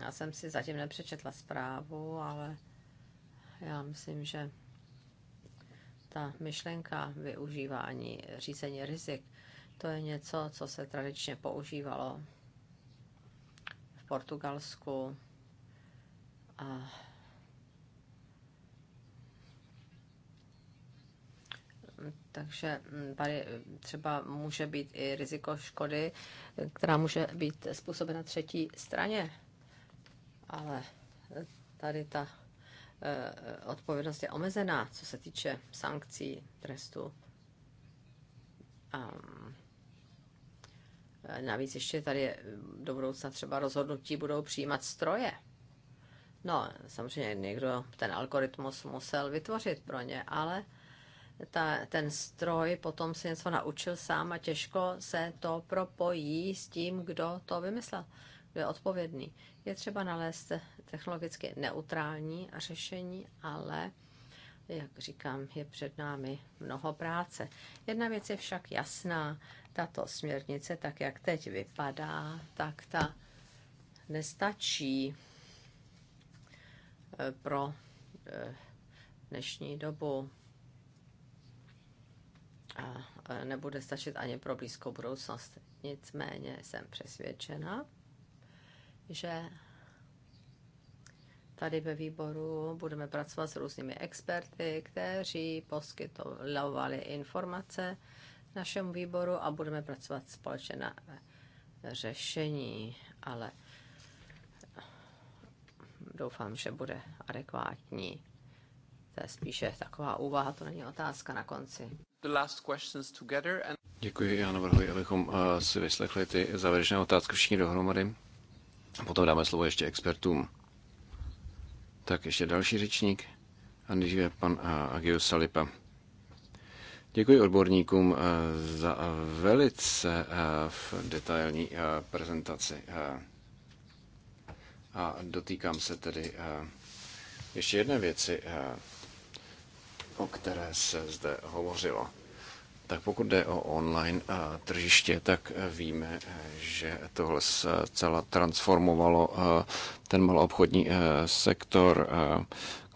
Já jsem si zatím nepřečetla zprávu, ale já myslím, že ta myšlenka využívání řízení rizik, to je něco, co se tradičně používalo v Portugalsku a takže mm, tady mm, třeba může být i riziko škody, která může být způsobena třetí straně. Ale tady ta e, odpovědnost je omezená, co se týče sankcí, trestu. A mm, navíc ještě tady do budoucna třeba rozhodnutí budou přijímat stroje. No, samozřejmě někdo ten algoritmus musel vytvořit pro ně, ale ta, ten stroj potom si něco naučil sám a těžko se to propojí s tím, kdo to vymyslel, kdo je odpovědný. Je třeba nalézt technologicky neutrální řešení, ale jak říkám, je před námi mnoho práce. Jedna věc je však jasná. Tato směrnice, tak jak teď vypadá, tak ta nestačí eh, pro eh, dnešní dobu a e, nebude stačit ani pro blízkou budoucnost. Nicméně jsem přesvědčena, že tady ve výboru budeme pracovat s různými experty, kteří poskytovali informace našemu výboru a budeme pracovat společně na řešení, ale doufám, že bude adekvátní. To je spíše taková úvaha, to není otázka na konci. Děkuji, já navrhuji, abychom eh, si vyslechli ty závěrečné otázky všichni dohromady a potom dáme slovo ještě expertům. Tak ještě další řečník a když je pan eh, Agius Salipa. Děkuji odborníkům eh, za velice detailní prezentaci. A dotýkám se tedy ještě jedné věci o které se zde hovořilo. Tak pokud jde o online eh, tržiště, tak eh, víme, eh, že tohle se celá transformovalo ten maloobchodní sektor,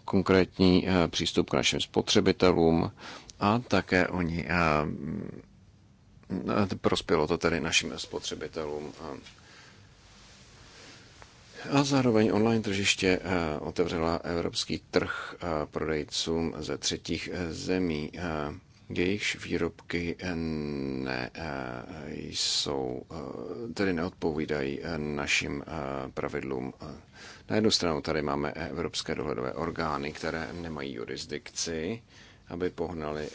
konkrétní přístup k našim spotřebitelům a také oni prospělo to tedy našim spotřebitelům a zároveň online tržiště eh, otevřela evropský trh eh, prodejcům ze třetích eh, zemí. Jejichž výrobky ne, jsou, tedy neodpovídají našim pravidlům. Na jednu stranu tady máme evropské dohledové orgány, které nemají jurisdikci, aby pohnali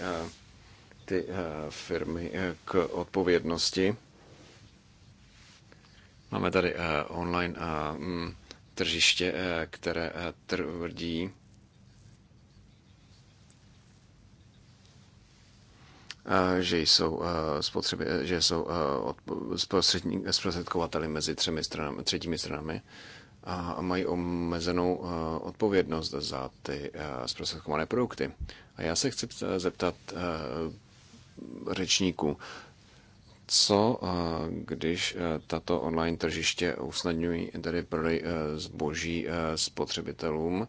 ty firmy k odpovědnosti Máme tady eh, online eh, mm, tržiště, eh, které tvrdí, že jsou, spotřeby, že jsou zprostředkovateli mezi třemi stranami, třetími stranami a mají omezenou odpovědnost za ty zprostředkované produkty. A já se chci zeptat řečníků, co když e, tato online tržiště usnadňují tedy prodej e, zboží e, spotřebitelům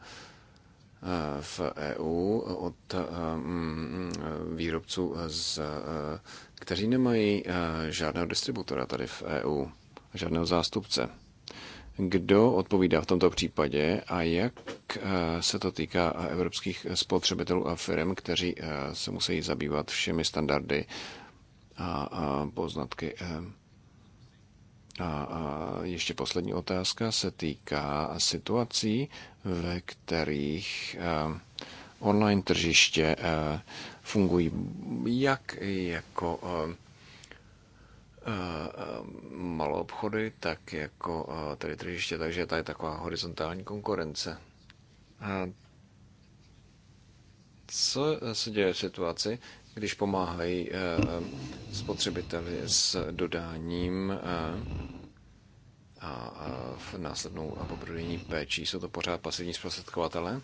v EU od mm, výrobců, z, kteří nemají žádného distributora tady v EU, žádného zástupce. Kdo odpovídá v tomto případě a jak se to týká evropských spotřebitelů a firm, kteří se musí zabývat všemi standardy a, a poznatky. Eh, a, a ještě poslední otázka se týká situací, ve kterých eh, online tržiště eh, fungují jak jako malou obchody, tak jako tady tržiště, takže tady je taková horizontální konkurence. A co se děje v situaci, když pomáhají eh, spotřebiteli s dodáním eh, a v následnou a poprodejní péčí. Jsou to pořád pasivní zprostředkovatele.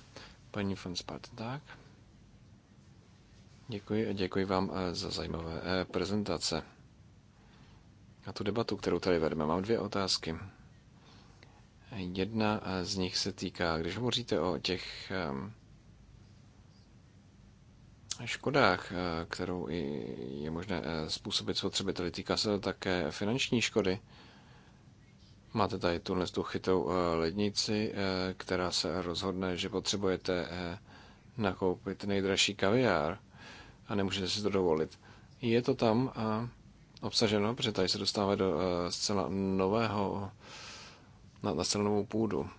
Paní von Spartak. Děkuji a děkuji vám eh, za zajímavé prezentace a tu debatu, kterou tady vedeme. Mám dvě otázky. Jedna z nich se týká, když hovoříte o těch škodách, eh, kterou je možné eh, způsobit spotřebiteli. Týká se to také finanční škody. Máte tady tuhle tu chytou eh, lednici, která se rozhodne, že potřebujete nakoupit nejdražší kaviár a nemůžete si to dovolit. Je to tam obsaženo, protože tady se dostává do zcela nového, na, na novou půdu.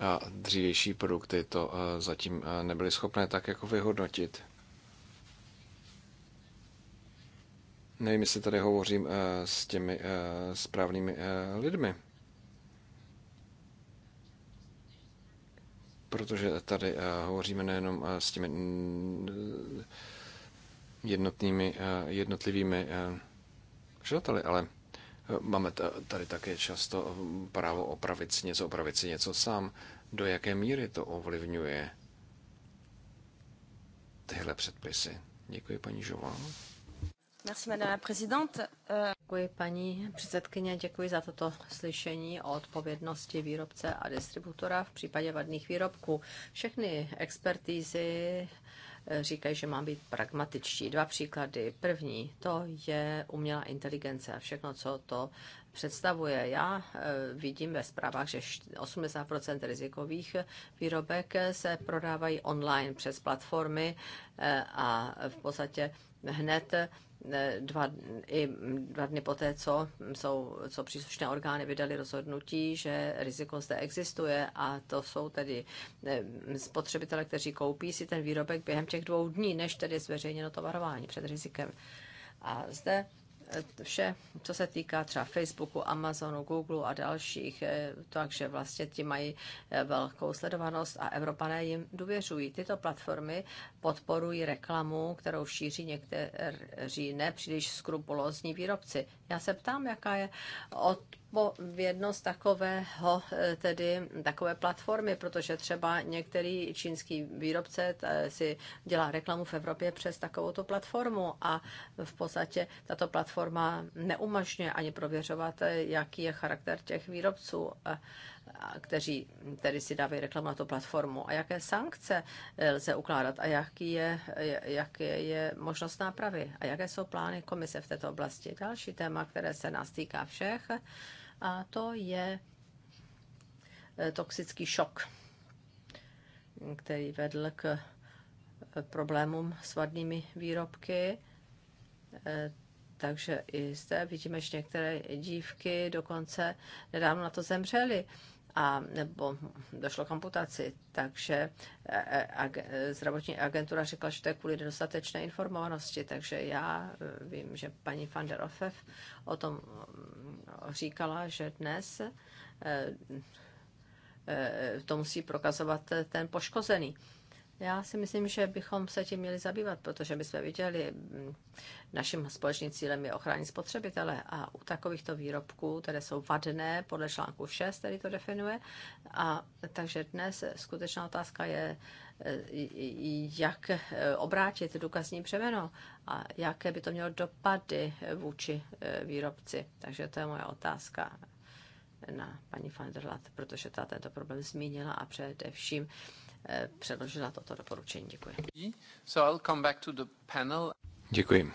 A dřívější produkty to eh, zatím eh, nebyly schopné tak jako vyhodnotit. Nevím, jestli tady hovořím eh, s těmi správnými lidmi. Protože tady hovoříme nejenom s těmi jednotnými, jednotlivými žadateli, ale Máme tady také často eh, právo opravit si něco, opravit si něco sám. Do jaké míry to ovlivňuje tyhle předpisy? Děkuji, paní Žová. Euh, děkuji, paní předsedkyně, děkuji za toto slyšení o odpovědnosti výrobce a distributora v případě vadných výrobků. Všechny expertízy říkají, že mám být pragmatičtí. Dva příklady. První, to je umělá inteligence a všechno, co to představuje. Já eh, vidím ve zprávách, že 80 rizikových eh, výrobek eh, se prodávají online přes platformy a v podstatě hned dva, i dva dny poté, co, jsou, co příslušné orgány vydali rozhodnutí, že riziko zde existuje a to jsou tedy spotřebitele, kteří koupí si ten výrobek během těch dvou dní, než tedy zveřejněno to varování před rizikem. A zde Eh, vše, co se týká třeba Facebooku, Amazonu, Google a dalších, eh, takže vlastně ti mají eh, velkou sledovanost a Evropané jim důvěřují. Tyto platformy podporují reklamu, kterou šíří někteří nepříliš skrupulózní výrobci. Já se ptám, jaká je odpovědnost takového, eh, tedy takové platformy, protože třeba některý čínský výrobce eh, si dělá reklamu v Evropě přes takovou platformu a v podstatě tato platforma neumožňuje ani prověřovat, eh, jaký je charakter těch výrobců kteří tedy si dávají reklamu na tu platformu a jaké sankce eh, lze ukládat a jaký je, je, je možnost nápravy a jaké jsou plány komise v této oblasti. Další téma, které se nás týká všech, a to je eh, toxický šok, který vedl k eh, problémům s vadnými výrobky. Takže i zde vidíme, že některé dívky dokonce nedávno na to zemřely a nebo došlo k amputaci. Takže e, e, ag, e, zdravotní agentura řekla, že to je kvůli nedostatečné informovanosti. Takže já vím, že paní van der Offev o tom mm, říkala, že dnes to musí prokazovat ten poškozený. Já si myslím, že bychom se tím měli zabývat, protože my jsme viděli, mm, naším společným cílem je ochránit spotřebitele a u takovýchto výrobků, které jsou vadné, podle článku 6, který to definuje, a takže dnes skutečná otázka je, eh, jak eh, obrátit důkazní břemeno a jaké by to mělo dopady vůči eh, výrobci. Takže to je moje otázka na paní van der protože ta tento problém zmínila a především Eh, předložila toto doporučení. Děkuji. panel. Děkuji.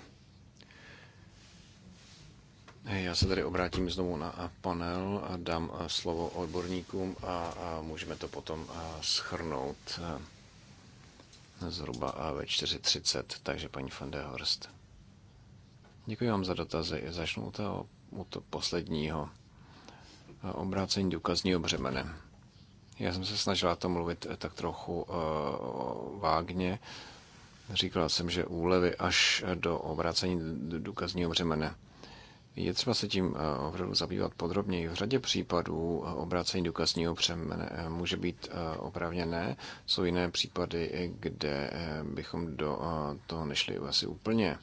Já se tady obrátím znovu na eh, panel a dám eh, slovo odborníkům a můžeme to potom schrnout zhruba ve 4.30, takže paní van der Horst. Děkuji vám za dotazy. Začnu u toho, u toho posledního obrácení důkazního břemene. Já jsem se snažila to mluvit eh, tak trochu uh, vágně. Říkala jsem, že úlevy až eh, do obrácení důkazního břemene. Je třeba se tím opravdu zabývat podrobněji. V řadě případů obrácení důkazního břemene může být opravněné. Jsou jiné případy, kde bychom do toho nešli asi úplně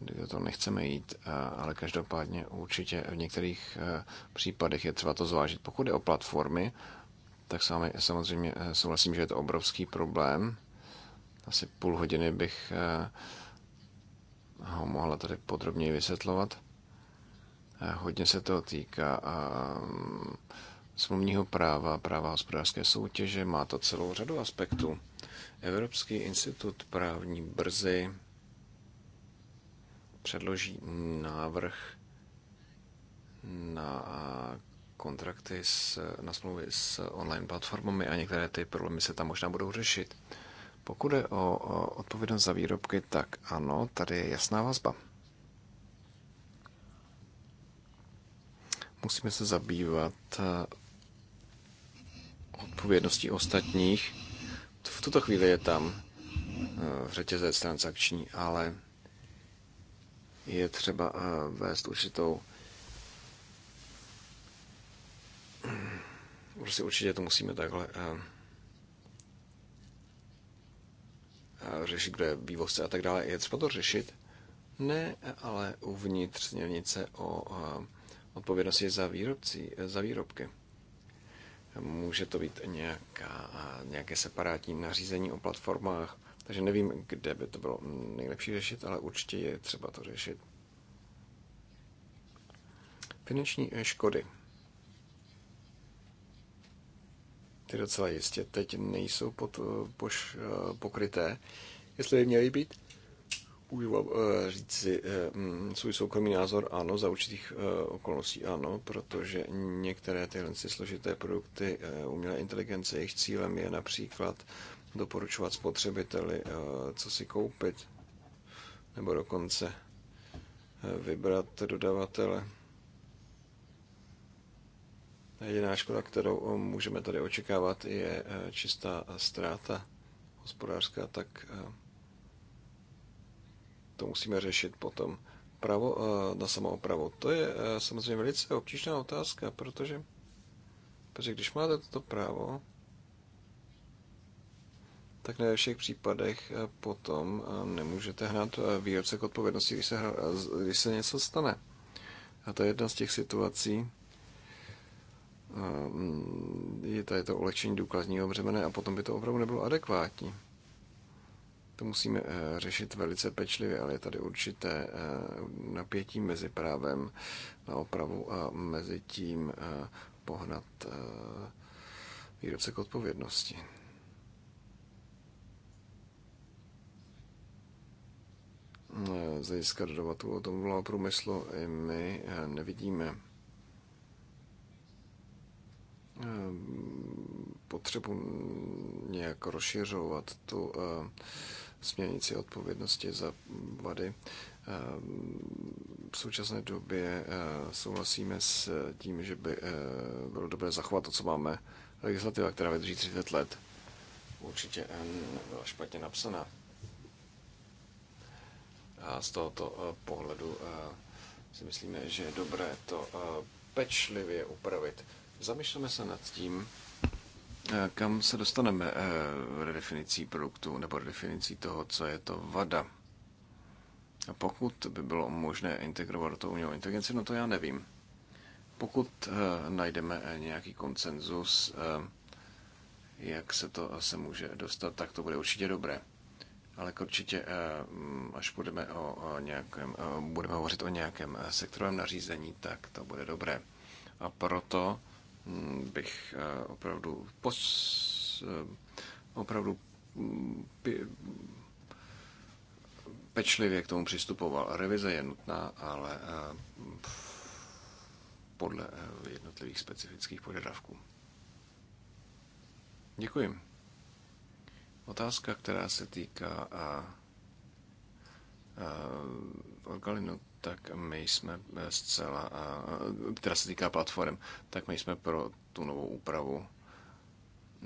kde to nechceme jít, ale každopádně určitě v některých případech je třeba to zvážit. Pokud je o platformy, tak s vámi samozřejmě eh, souhlasím, že je to obrovský problém. Asi půl hodiny bych eh, ho mohla tady podrobněji vysvětlovat. Eh, hodně se to týká smluvního práva, práva hospodářské soutěže, má to celou řadu aspektů. Evropský institut právní brzy předloží návrh na kontrakty s, na smlouvy s online platformami a některé ty problémy se tam možná budou řešit. Pokud je o, o odpovědnost za výrobky, tak ano, tady je jasná vazba. Musíme se zabývat eh, odpovědností ostatních. V tuto chvíli je tam eh, v řetězec transakční, ale je třeba eh, vést určitou prostě určitě to musíme takhle eh, eh, řešit, kde je vývozce a tak dále. Je třeba to řešit? Ne, ale uvnitř směrnice o eh, odpovědnosti za, výrobci, za výrobky. Může to být nějaká, nějaké separátní nařízení o platformách, takže nevím, kde by to bylo nejlepší řešit, ale určitě je třeba to řešit. Finanční škody. ty docela jistě teď nejsou pod, eh, poš, eh, pokryté, jestli by měly být. Užívám eh, říct si mm, svůj soukromý názor, ano, za určitých okolností ano, protože některé tyhle složité produkty umělé inteligence, jejich cílem je například doporučovat spotřebiteli, co si koupit, nebo dokonce vybrat dodavatele. Jediná škoda, kterou eh, můžeme tady očekávat, je eh, čistá ztráta hospodářská, tak eh, to musíme řešit potom. Pravo na samoopravu. To je samozřejmě velice obtížná otázka, protože, protože když máte toto právo, tak ne ve všech případech potom nemůžete hnát výrobce k odpovědnosti, když se, když se něco stane. A to je jedna z těch situací, Eh, je tady to ulehčení důkazního břemene a potom by to opravdu nebylo adekvátní. To musíme eh, řešit velice pečlivě, ale je tady určité eh, napětí mezi právem na opravu a mezi tím pohnat výrobce k odpovědnosti. Z hlediska dodavatelů tom průmyslu i my nevidíme Ehm, potřebu nějak rozšiřovat tu eh, směrnici odpovědnosti za vady. Ehm, v současné době eh, souhlasíme s tím, že by eh, bylo dobré zachovat to, co máme. Legislativa, která vydrží 30 let, určitě byla špatně napsaná. A z tohoto pohledu si myslíme, že je dobré to pečlivě upravit Zamýšleme se nad tím, eh, kam se dostaneme eh, redefinicí produktu nebo redefinicí toho, co je to vada. A pokud by bylo možné integrovat do toho umělou inteligenci, no to já nevím. Pokud eh, najdeme nějaký konsenzus, jak se to se může dostat, tak to bude určitě dobré. Ale určitě, až budeme, o nějakém, budeme hovořit o nějakém sektorovém nařízení, tak to bude dobré. A proto Mm, bych eh, opravdu, pos, eh, opravdu mm, pečlivě k tomu přistupoval. Revize je nutná, ale eh, podle jednotlivých specifických požadavků. Děkuji. Otázka, která se týká a, a, organinu tak my jsme eh, zcela, která eh, se týká platform, tak my jsme pro tu novou úpravu.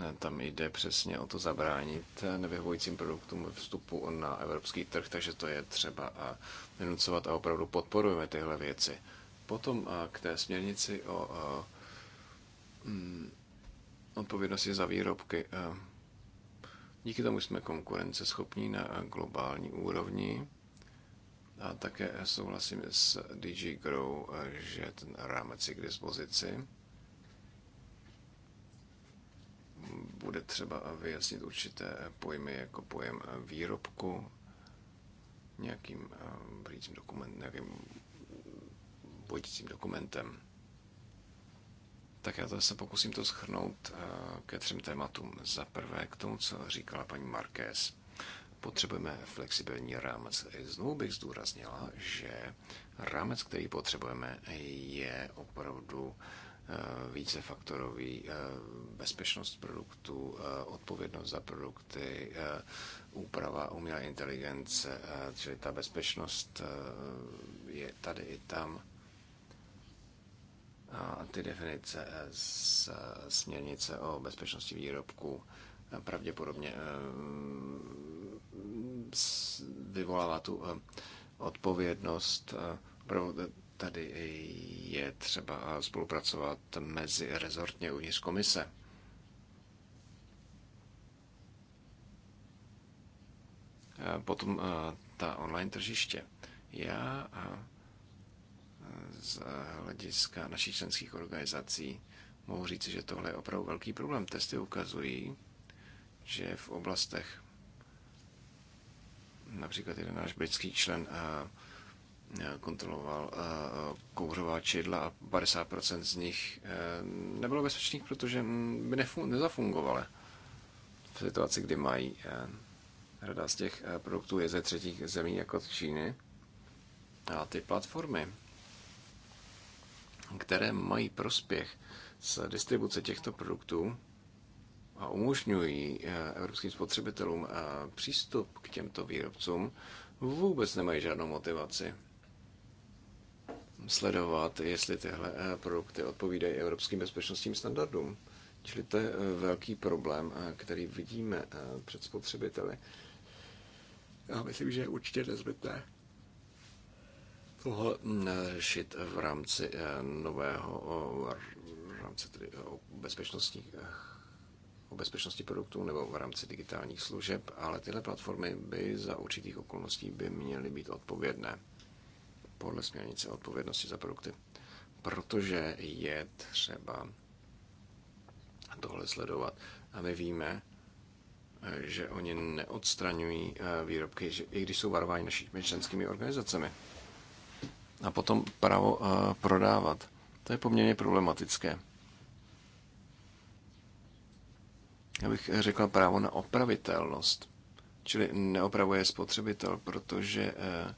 Eh, tam jde přesně o to zabránit nevyhovujícím produktům vstupu na evropský trh, takže to je třeba vynucovat a opravdu podporujeme tyhle věci. Potom k té směrnici o mm, odpovědnosti za výrobky. Díky tomu jsme konkurenceschopní na globální úrovni a také souhlasím s DJ Grow, že ten rámec je k dispozici. Bude třeba vyjasnit určité pojmy jako pojem výrobku, nějakým blížím eh, dokument, nějakým vodicím dokumentem. Tak já se pokusím to schrnout eh, ke třem tématům. Za prvé k tomu, co říkala paní Marquez. Potřebujeme flexibilní rámec. Znovu bych zdůraznila, že rámec, který potřebujeme, je opravdu eh, vícefaktorový, eh, bezpečnost produktů, eh, odpovědnost za produkty, úprava umělé inteligence, čili ta bezpečnost je tady i tam. A ty definice z směrnice o bezpečnosti výrobků pravděpodobně eh, vyvolává tu eh, odpovědnost. Eh, tady je třeba spolupracovat mezi rezortně uvnitř komise. Potom ta online tržiště. Já z hlediska našich členských organizací mohu říct, že tohle je opravdu velký problém. Testy ukazují, že v oblastech, například jeden náš britský člen eh, eh, kontroloval eh, kouřová čidla a 50% z nich nebylo bezpečných, protože by nezafungovaly v situaci, kdy mají Řada z těch produktů je ze třetích zemí jako z Číny. A ty platformy, které mají prospěch z distribuce těchto produktů, a umožňují eh, evropským spotřebitelům eh, přístup k těmto výrobcům, vůbec nemají žádnou motivaci sledovat, jestli tyhle eh, produkty odpovídají evropským bezpečnostním standardům. Čili to je velký problém, který vidíme před spotřebiteli. Já myslím, že je určitě nezbytné tohle mm, řešit v rámci nového v rámci tedy bezpečnostních o bezpečnosti produktů nebo v rámci digitálních služeb, ale tyhle platformy by za určitých okolností by měly být odpovědné podle směrnice odpovědnosti za produkty, protože je třeba tohle sledovat. A my víme, že oni neodstraňují eh, výrobky, že, i když jsou varováni našimi členskými organizacemi. A potom právo eh, prodávat. To je poměrně problematické. já bych eh, řekl právo na opravitelnost. Čili neopravuje spotřebitel, protože eh,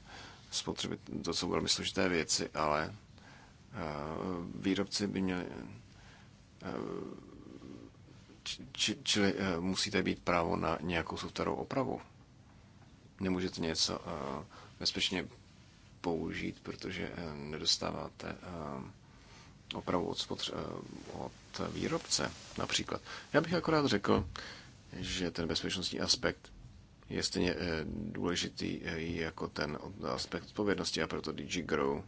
spotřebitel, to jsou velmi složité věci, ale eh, výrobci by měli či, čili musíte být právo na nějakou softwarovou opravu. Nemůžete něco bezpečně použít, protože nedostáváte opravu od, spotře- od výrobce například. Já bych akorát řekl, že ten bezpečnostní aspekt je stejně eh, důležitý eh, jako ten aspekt odpovědnosti a proto DG Grow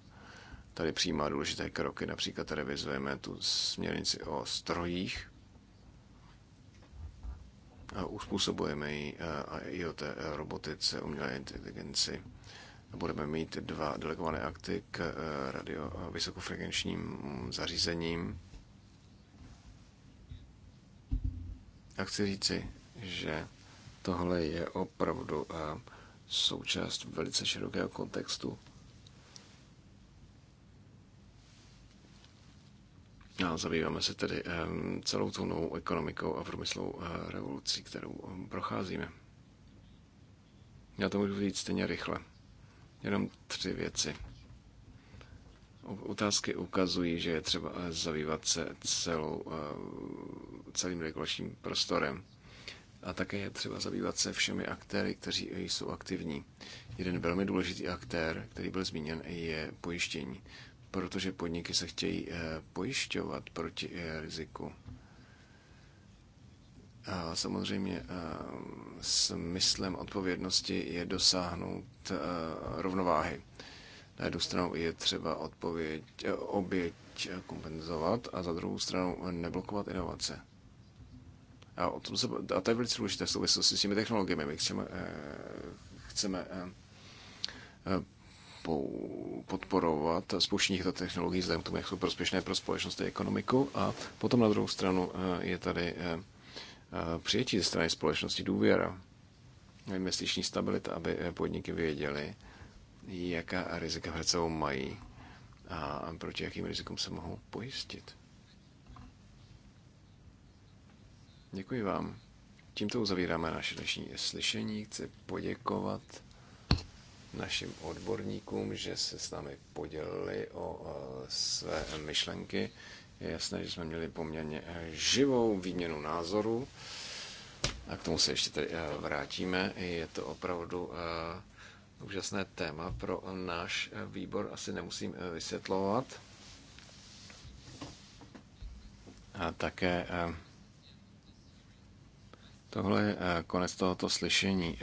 tady přijímá důležité kroky. Například revizujeme tu směrnici o strojích a uspůsobujeme ji eh, o té robotice, umělé inteligenci budeme mít dva delegované akty k eh, radio eh, vysokofrekvenčním zařízením. A chci říci, že tohle je opravdu eh, součást velice širokého kontextu. A zabýváme se tedy celou tou novou ekonomikou a průmyslovou revolucí, kterou procházíme. Já to můžu říct stejně rychle. Jenom tři věci. Otázky ukazují, že je třeba eh, zabývat se celou, eh, celým regulačním prostorem. A také je třeba zabývat se všemi aktéry, kteří jsou aktivní. Jeden velmi důležitý aktér, který byl zmíněn, je pojištění, protože podniky se chtějí eh, pojišťovat proti riziku samozřejmě eh, smyslem odpovědnosti je dosáhnout eh, rovnováhy. Na jednu stranu je třeba odpověď, eh, oběť kompenzovat a za druhou stranu neblokovat inovace. A, o tom se, a to je velice důležité v souvislosti s těmi technologiemi. My chceme, chceme podporovat spouštění těchto technologií vzhledem k tomu, jak jsou prospěšné pro společnost a ekonomiku. A potom na druhou stranu je tady Eh, přijetí ze strany společnosti důvěra, investiční stabilita, aby eh, podniky věděly, jaká rizika před sebou mají a proti jakým rizikům se mohou pojistit. Děkuji vám. Tímto uzavíráme naše dnešní slyšení. Chci poděkovat našim odborníkům, že se s námi podělili o eh, své myšlenky. Je jasné, že jsme měli poměrně eh, živou výměnu názorů. A k tomu se ještě tady eh, vrátíme. Je to opravdu eh, úžasné téma pro náš výbor. Asi nemusím vysvětlovat. A také tohle je konec tohoto slyšení.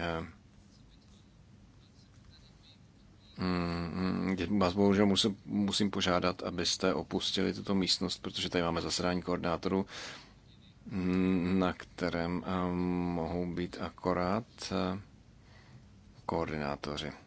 Mm, mm, vás bohužel musím, musím požádat, abyste opustili tuto místnost, protože tady máme zasedání koordinátorů, mm, na kterém eh, mohou být akorát eh, koordinátoři.